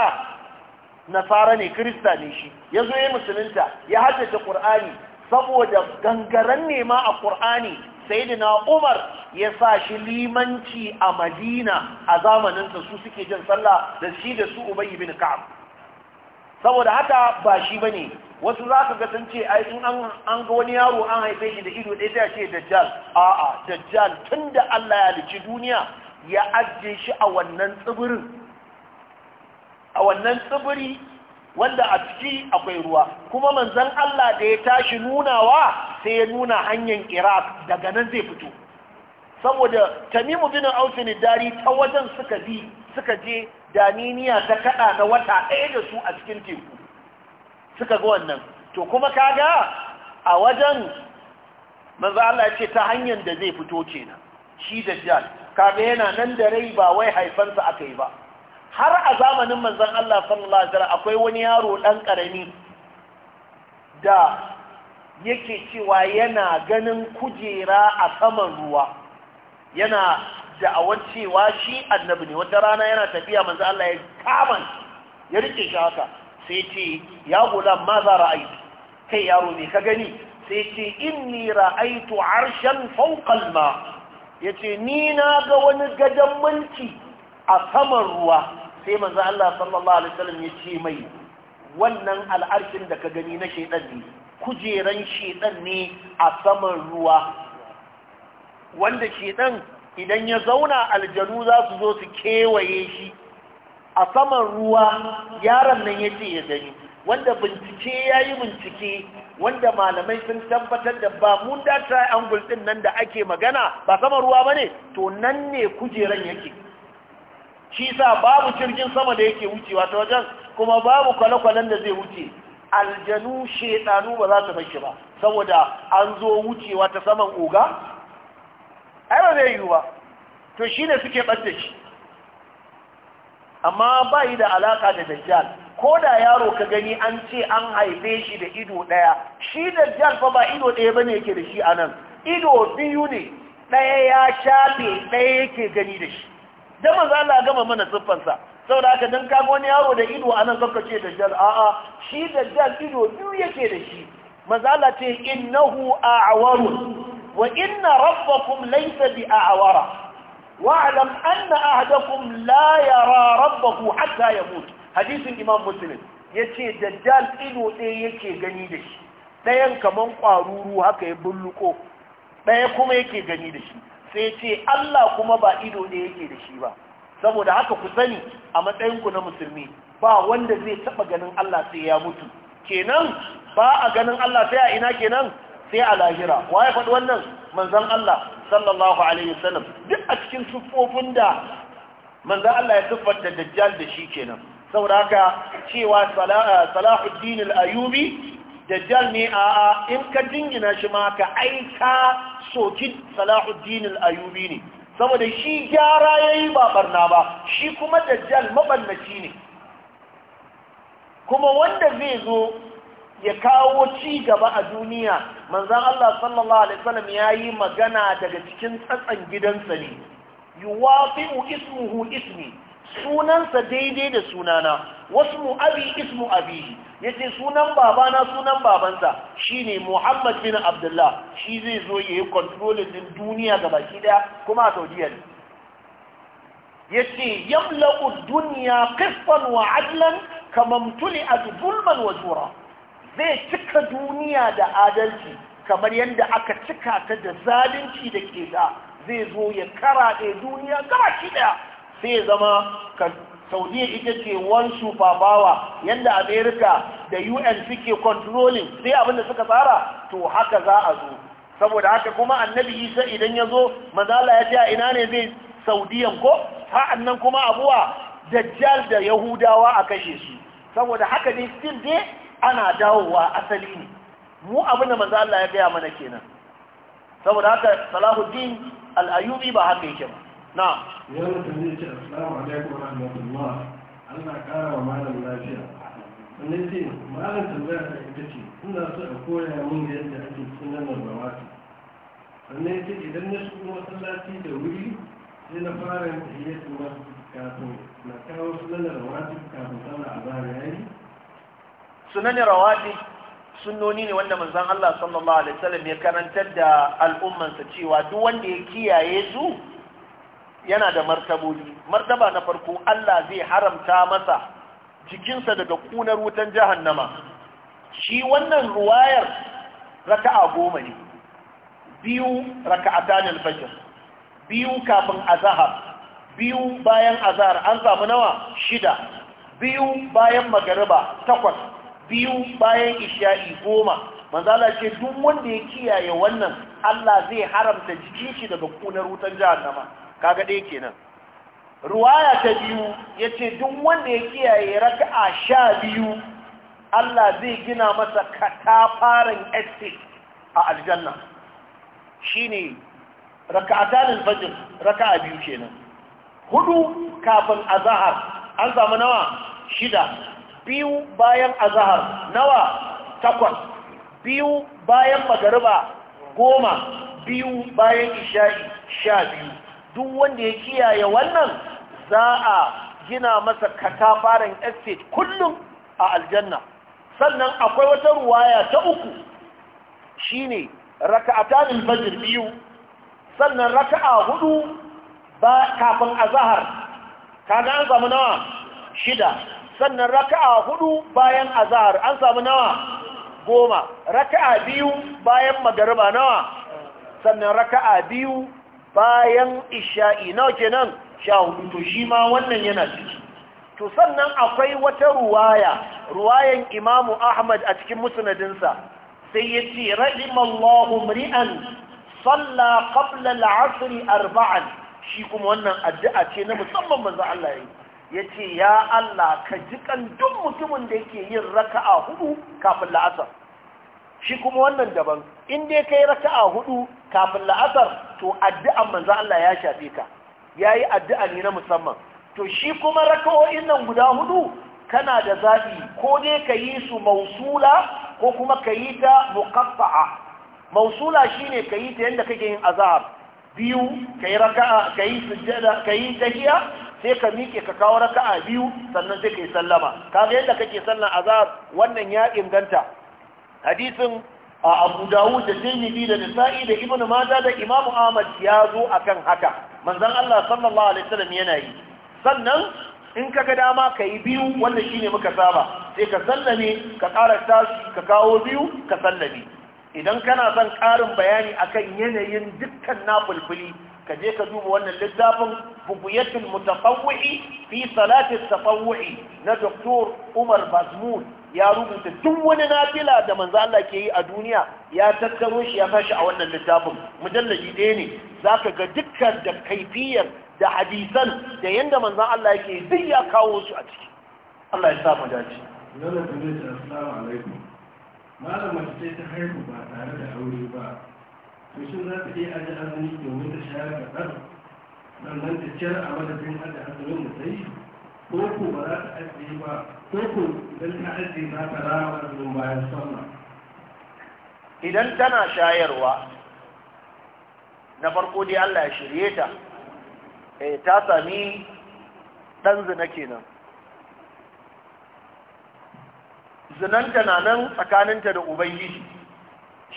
[SPEAKER 1] nasara ne krista ne shi yazo ya musulunta ya haddace Qur'ani saboda gangaren nema a Qur'ani sayyidina Umar ya sa shi limanci a Madina a zamaninsa su suke jin sallah da shi da su Ubay ibn Ka'ab saboda haka ba shi ba ne wasu za ka ga sun ce ai in an ga wani yaro an haife shi da ido ɗaya ce dajjal a'a dajjal tun da Allah ya halicci duniya ya ajiye shi a wannan tsibirin a wannan tsibiri wanda a ciki akwai ruwa kuma manzon Allah da ya tashi nunawa sai ya nuna hanyar Iraq daga nan zai fito saboda Tamimu binin Auf dari ta wajen suka suka je daniniya ta kada na wata ɗaya da su a cikin teku suka ga wannan to kuma kaga a wajen manzo Allah ce ta hanyar da zai fito kenan shi da jihar kaga yana nan da rai ba wai haifansa aka yi ba har a zamanin manzon Allah sallallahu alaihi akwai wani yaro ɗan ƙarami da yake cewa yana ganin kujera a saman ruwa yana da'awar cewa shi annabi ne wata rana yana tafiya manzo Allah ya kama ya rike shi haka sai ce ya gulam ma za ra'aytu kai yaro ne ka gani sai ce inni ra'aitu arshan fawqa al-ma yace ni na ga wani gadan mulki a saman ruwa sai manzo Allah sallallahu alaihi wasallam ya ce mai wannan al'arshin da ka gani na shedan ne kujeran shedan ne a saman ruwa wanda shedan idan ya zauna aljanu za su zo su kewaye shi a saman ruwa yaron nan ya ce ya gani wanda bincike ya yi bincike wanda malamai sun tabbatar da ba mun da triangle din nan da ake magana ba saman ruwa ba ne to nan ne kujeran yake shi sa babu jirgin sama da yake wucewa ta wajen kuma babu kwale-kwalen da zai wuce aljanu shedanu ba za su bashi ba saboda an zo wucewa ta saman oga ai ba zai yiwu ba to shi ne suke bada shi amma ba yi da alaƙa da dajjal ko da yaro ka gani an ce an haife shi da ido ɗaya shi dajjal fa ba ido ɗaya ba ne yake da shi a ido biyu ne ɗaya ya shafe ɗaya yake gani da shi da maza Allah gama mana siffansa saboda haka dan kaga wani yaro da ido anan ka ce dajjal a'a shi dajjal ido biyu yake da shi maza Allah ce innahu a'warun وإن ربكم a بأعورة واعلم anna أحدكم لا يرى ربه حتى يموت حديث imam muslim yace dajjal ido ɗaya yake gani da shi ɗayan kaman ƙwaruru haka ya bulluko ɗaya kuma yake gani da shi sai ce Allah kuma ba ido ɗaya yake da shi ba saboda haka ku sani a matsayinku na musulmi ba wanda zai taɓa ganin Allah sai ya mutu kenan ba a ganin Allah sai a ina kenan sai a lahira wa ya faɗi wannan manzan Allah sallallahu alaihi wasallam duk a cikin siffofin da manzon Allah ya siffanta dajjal da shi kenan saboda haka cewa eh, salahuddin al-ayubi dajjal ne a a in ka dingina shi ma ka aika soki salahuddin al-ayubi ne saboda shi gyara yayi ba barna ba shi kuma dajjal mabannaci ne kuma wanda zai zo ya kawo ci gaba a duniya manzan Allah sallallahu alaihi wasallam ya yi magana daga cikin tsatsan gidansa ne yuwafi'u ismuhu ismi sunansa daidai da sunana wasu muabi ismu abi yace sunan babana sunan babansa shine Muhammad bin Abdullah shi zai zo yayi controlling din duniya gaba, daya kuma a Saudiya ne yace yamla'u duniya qisfan wa adlan kama mtuli'at zulman wa jura zai cika duniya da adalci kamar yadda aka cika ta da zalunci da ke da zai zo ya karaɗe duniya gaba shi ɗaya sai zama ka saudiya ita ce one super yadda Amerika da un suke controlling sai abinda suka tsara to haka za a zo saboda haka kuma annabi isa idan ya zo mazala ya ce ina ne zai saudiyan ko nan kuma abuwa dajjal da yahudawa a kashe su saboda haka ne still dai ana dawowa asali ne mu abin da manzo Allah ya gaya mana kenan saboda haka Salahuddin al-Ayyubi ba haka yake ba na'am
[SPEAKER 2] yau da ne ce assalamu alaikum wa rahmatullah Allah kara wa malam lafiya sannan ce malam tambaya ta ita ce ina so a koya min yadda ake sunan rawati sannan ce idan na shigo masallaci da wuri sai na fara yin tahiyyatu kafin na kawo sunan rawati kafin sallah azhar yayi
[SPEAKER 1] sunanin rawatib sunnoni ne wanda manzon Allah sallallahu alaihi wasallam ya karantar da al'ummansa cewa duk wanda ya kiyaye su yana da martabobi martaba na farko Allah zai haramta masa jikinsa daga kunar wutan jahannama shi wannan ruwayar raka'a goma ne biyu raka'atan al-fajr biyu kafin azhar biyu bayan azhar an samu nawa shida biyu bayan magariba takwas biyu bayan isha'i goma manzala ce duk wanda ya kiyaye wannan Allah zai haramta jikin shi daga kunar wutan jahannama kaga dai kenan ruwaya ta biyu yace duk wanda ya kiyaye raka'a sha biyu Allah zai gina masa katafaren estate a aljanna shine raka'atan al-fajr raka'a biyu kenan hudu kafin a zahar an samu nawa shida biyu bayan azahar nawa takwas biyu bayan magariba goma biyu bayan isha'i sha biyu duk wanda ya kiyaye wannan za a gina masa katafaren estate kullum a aljanna sannan akwai wata ruwaya ta uku shine raka'atan fajr biyu sannan raka'a hudu ba kafin azahar kaga an samu nawa shida sannan raka'a hudu bayan azahar an samu nawa goma raka'a biyu bayan magariba nawa sannan raka'a biyu bayan isha'i nawa kenan sha hudu to shi ma wannan yana ciki to sannan akwai wata ruwaya ruwayan imamu ahmad a cikin musnadinsa sai ya ce rahimallahu mri'an salla qabla al-'asr arba'an shi kuma wannan addu'a ce na musamman manzo Allah yayi ya ce ya Allah ka ji duk mutumin da yake yin raka'a hudu kafin la'asar shi kuma wannan daban in dai kai raka'a hudu kafin la'asar to addu'an manzo Allah ya shafe ka yayi addu'a ne na musamman to shi kuma raka'o'in nan guda hudu kana da zaɓi ko dai ka yi su mausula ko kuma ka yi ta muƙaffa'a mausula shi ne ka yi ta yadda kake yin azahar biyu ka yi raka'a ka yi sujjada ka yi tahiya sai ka miƙe ka kawo a biyu sannan sai ka yi sallama Ka ga yadda kake sallan azhar wannan ya inganta hadisin a Abu Dawud da Tirmidhi da Nisa'i da Ibn Mata da Imam Ahmad ya zo akan haka manzon Allah sallallahu alaihi wasallam yana yi sannan in ka ga dama ka yi biyu wanda shine muka saba sai ka sallame ka ƙara tashi ka kawo biyu ka sallame idan kana son ƙarin bayani akan yanayin dukkan fulfuli ka je ka duba wannan littafin bubuyatul mutatawwi fi salati tatawwi na Doktor Umar Bazmun ya rubuta duk wani nafila da manzo Allah ke yi a duniya ya tattaro shi ya kashi a wannan littafin mujallaji ɗaya ne zaka ga dukkan da kaifiyar da hadisan da yanda manzo Allah yake duk ya kawo su a ciki Allah ya sa mu dace
[SPEAKER 2] Assalamu alaikum. Malamar ta haihu ba tare da aure ba, to za ta iya aji azumi domin ta shayar da ɗan sannan ta ciyar a madadin aji azumin da ta yi ko ko ba za ta
[SPEAKER 1] ajiye ba ko ko
[SPEAKER 2] idan ta ajiye za ta rama azumin bayan sallah
[SPEAKER 1] idan tana shayarwa na farko dai Allah ya shirye ta eh ta sami dan zina kenan zinanta na nan tsakaninta da ubangiji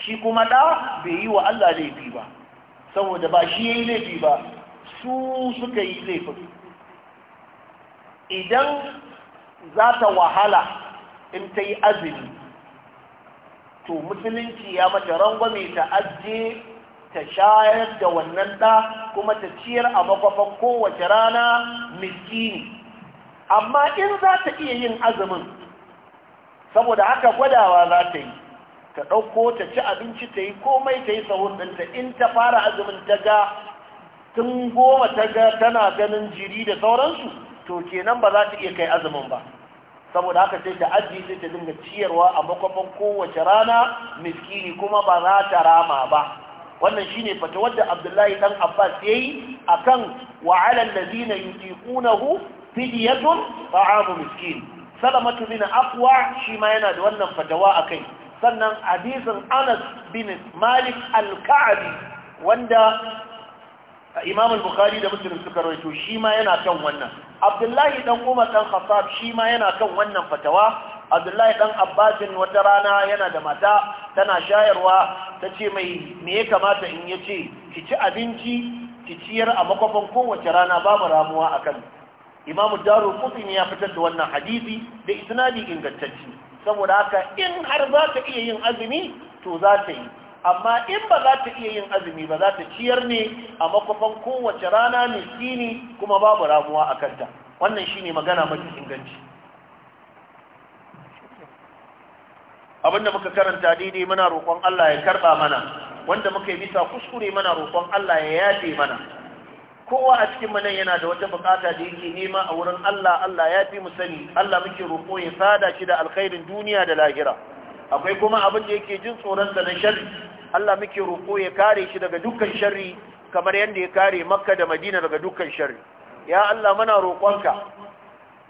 [SPEAKER 1] shi kuma ɗa bai yi wa Allah laifi ba saboda ba shi yayi laifi ba su suka yi laifin idan za ta wahala in ta yi azumi to musulunci ya mata rangwame ta ajiye ta shayar da wannan ɗa kuma ta ciyar a makwafan kowace rana miskini amma in za ta iya yin azumin saboda haka gwadawa za ta yi ta ɗauko ta ci abinci ta yi komai ta yi sahur in ta fara azumin ta ga tun goma ta ga tana ganin jiri da sauransu to kenan ba za ta iya kai azumin ba saboda haka sai ta ajiye sai ta dinga ciyarwa a makwafan kowace rana miskini kuma ba za ta rama ba wannan shine fata wadda abdullahi dan abbas ya yi a kan wa'alan da zina yutiƙunahu fidiyatun ta'amu Miskini. salamatu bin afwa shi ma yana da wannan fatawa a kai sannan hadisin Anas bin Malik al-Ka'bi wanda Imam al-Bukhari da Muslim suka rawaito shi ma yana kan wannan Abdullahi dan Umar dan Khattab shi ma yana kan wannan fatawa Abdullahi dan Abbasin wata rana yana da mata tana shayarwa tace mai me ya kamata in yace ki ci abinci ki ciyar a makofan kowace rana babu ramuwa akan Imam Darul ne ya fitar da wannan hadisi da isnadi ingantacce saboda haka in har za ta iya yin azumi to za ta yi amma in ba za ta iya yin azumi ba za ta ciyar ne a makwafan kowace rana mai miskini kuma babu ramuwa a kanta wannan shi ne magana mafi inganci abinda muka karanta daidai muna roƙon Allah ya karɓa mana wanda muka yi bisa kuskure muna roƙon Allah ya yafe mana kowa a cikin manan yana da wata bukata da yake nema a wurin Allah Allah ya fi mu sani Allah muke roƙo ya sada shi da alkhairin duniya da lahira akwai kuma abin da yake jin tsoron sa na sharri Allah muke roƙo ya kare shi daga dukkan sharri kamar yadda ya kare Makka da Madina daga dukkan sharri ya Allah muna roƙonka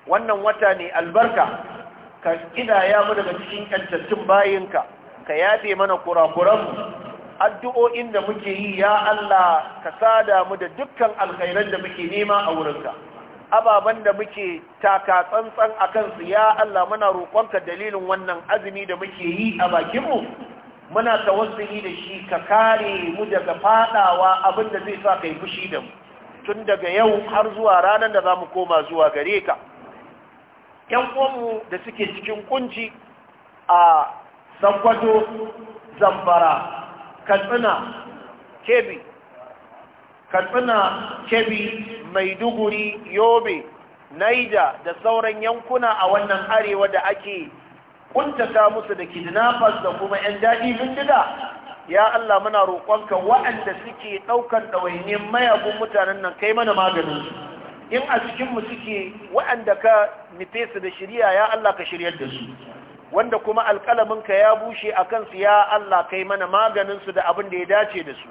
[SPEAKER 1] wannan wata ne albarka ka kidaya mu daga cikin kantattun bayinka ka yafe mana mu addu'o'in da muke yi ya Allah ka sada mu da dukkan alkhairan da muke nema a wurinka Ababen da muke taka tsantsan a kansu ya Allah muna roƙonka dalilin wannan azumi da muke yi a bakinmu muna tawassuli da shi ka kare mu daga fadawa abin da zai sa ka yi fushi da mu tun daga yau har zuwa ranar da za mu koma zuwa gare ka ‘yan uwanmu da suke cikin kunci a sankwato zamfara katsina kebi katsina kebi maiduguri yobe naija da sauran yankuna a wannan arewa da ake kuntata musu da kidnappers da kuma 'yan daɗi bindiga ya Allah muna roƙonka waɗanda suke ɗaukan ɗawainiyar mayagun mutanen nan kai mana maganin in a cikinmu suke waɗanda ka nufe da shirya ya Allah ka shiryar da su wanda kuma alƙalaminka ya bushe a kansu ya Allah kai mana maganinsu da abin da ya dace da su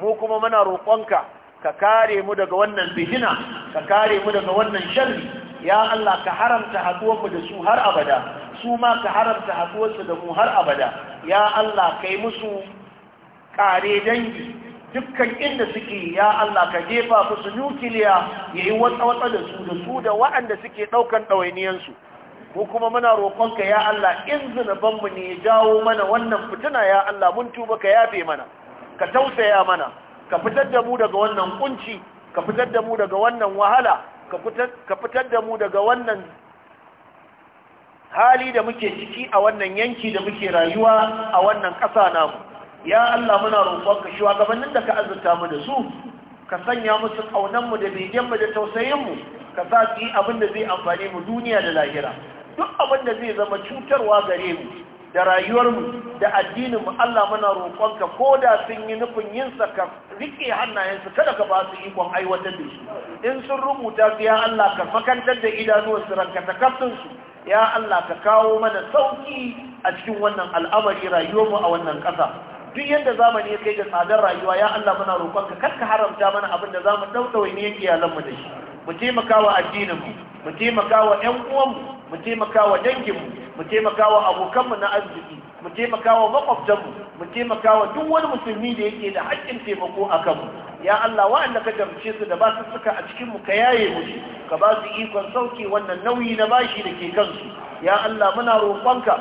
[SPEAKER 1] mu kuma muna roƙonka ka kare mu daga wannan fitina ka kare mu daga wannan sharri ya Allah ka haramta haduwarmu da su har abada su ma ka haramta haduwarsu da mu har abada ya Allah kai musu kare dangi dukkan inda suke ya Allah ka jefa musu nukiliya yayi watsa-watsa da su da su da waɗanda suke ɗaukan ɗawainiyansu ko kuma muna roƙonka ya Allah in zunubanmu ne jawo mana wannan fitina, ya Allah mun tuba ka yafe mana ka tausaya mana ka fitar da mu daga wannan kunci ka fitar da mu daga wannan wahala ka fitar da mu daga wannan hali da muke ciki a wannan yanki da muke rayuwa a wannan ƙasa namu ya Allah muna roƙonka shi gabanin da ka azurta mu da su ka sanya musu mu da begenmu da tausayinmu ka sa su yi abin da zai amfani mu duniya da lahira duk abin da zai zama cutarwa gare mu da rayuwarmu da addininmu Allah muna roƙonka ko da sun yi nufin yinsa ka riƙe hannayensu kada ka ba su ikon aiwatar da shi in sun rubuta su ya Allah ka makantar da idanuwarsu ranka ta kaftinsu ya Allah ka kawo mana sauƙi a cikin wannan al'amari rayuwarmu a wannan ƙasa duk yadda zamani ya kai da tsadar rayuwa ya Allah muna roƙonka kar ka haramta mana abin da mu daudawa ne yake yalan mu da shi mu taimaka wa addinin mu mu taimaka wa ƴan uwanmu mu taimaka wa danginmu mu taimaka wa abokanmu na arziki mu taimaka wa makwabtanmu mu taimaka wa duk wani musulmi da yake da haƙƙin taimako a kanmu ya Allah wa'anda ka gamce su da ba su suka a cikin mu ka yaye mu ka ba su ikon sauke wannan nauyi na bashi da ke kansu ya Allah muna roƙonka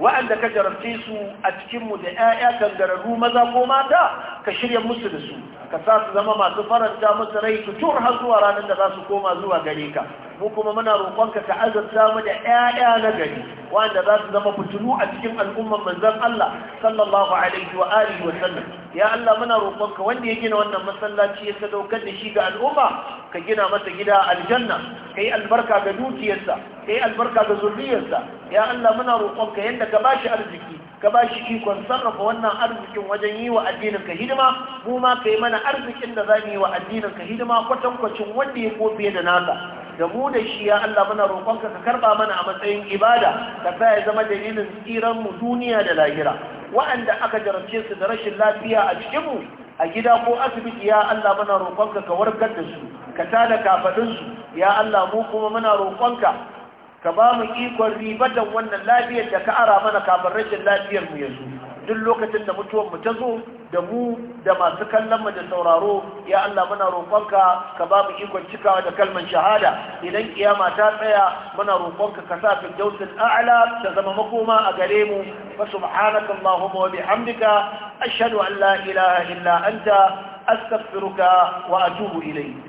[SPEAKER 1] wa'anda ka jarabce su a cikinmu da ‘ya'ya kangararru maza ko mata ka shirya musu da su ka sa su zama masu faranta musu rai su tur har zuwa ranar da za su koma zuwa gare ka mu kuma muna roƙonka ka azurta mu da ƴaƴa na gari wanda za su zama fitilu a cikin al'ummar manzon Allah sallallahu alaihi wa alihi wa sallam ya Allah muna roƙonka wanda ya gina wannan masallaci ya sadaukar da shi ga al'umma ka gina masa gida aljanna kai albarka ga dukiyarsa kai albarka ga zurriyarsa ya Allah muna roƙonka yanda ka bashi arziki ka ba shi ikon sarrafa wannan arzikin wajen yi wa addininka hidima mu ma ka yi mana arzikin da za mu yi wa addininka hidima kwatankwacin wanda ya kofe da naka da mu da shi ya Allah muna roƙonka ka karɓa mana a matsayin ibada ka sa ya zama dalilin tsiran mu duniya da lahira wa'anda aka jarabce su da rashin lafiya a cikinmu a gida ko asibiti ya Allah muna roƙonka ka warkar da su ka tada kafaɗinsu ya Allah mu kuma muna roƙonka ka ba mu ikon ribatan wannan lafiyar da ka ara mana kafin rashin lafiyar mu yanzu duk lokacin da mutuwar mu ta zo da mu da masu kallon mu da sauraro ya Allah muna roƙonka ka ba mu ikon cikawa da kalman shahada idan kiyama ta tsaya muna roƙonka ka sa firdausul a'ala ta zama makoma a gare mu fa subhanaka allahumma wa bihamdika ashhadu an la ilaha illa anta astaghfiruka wa atubu ilayk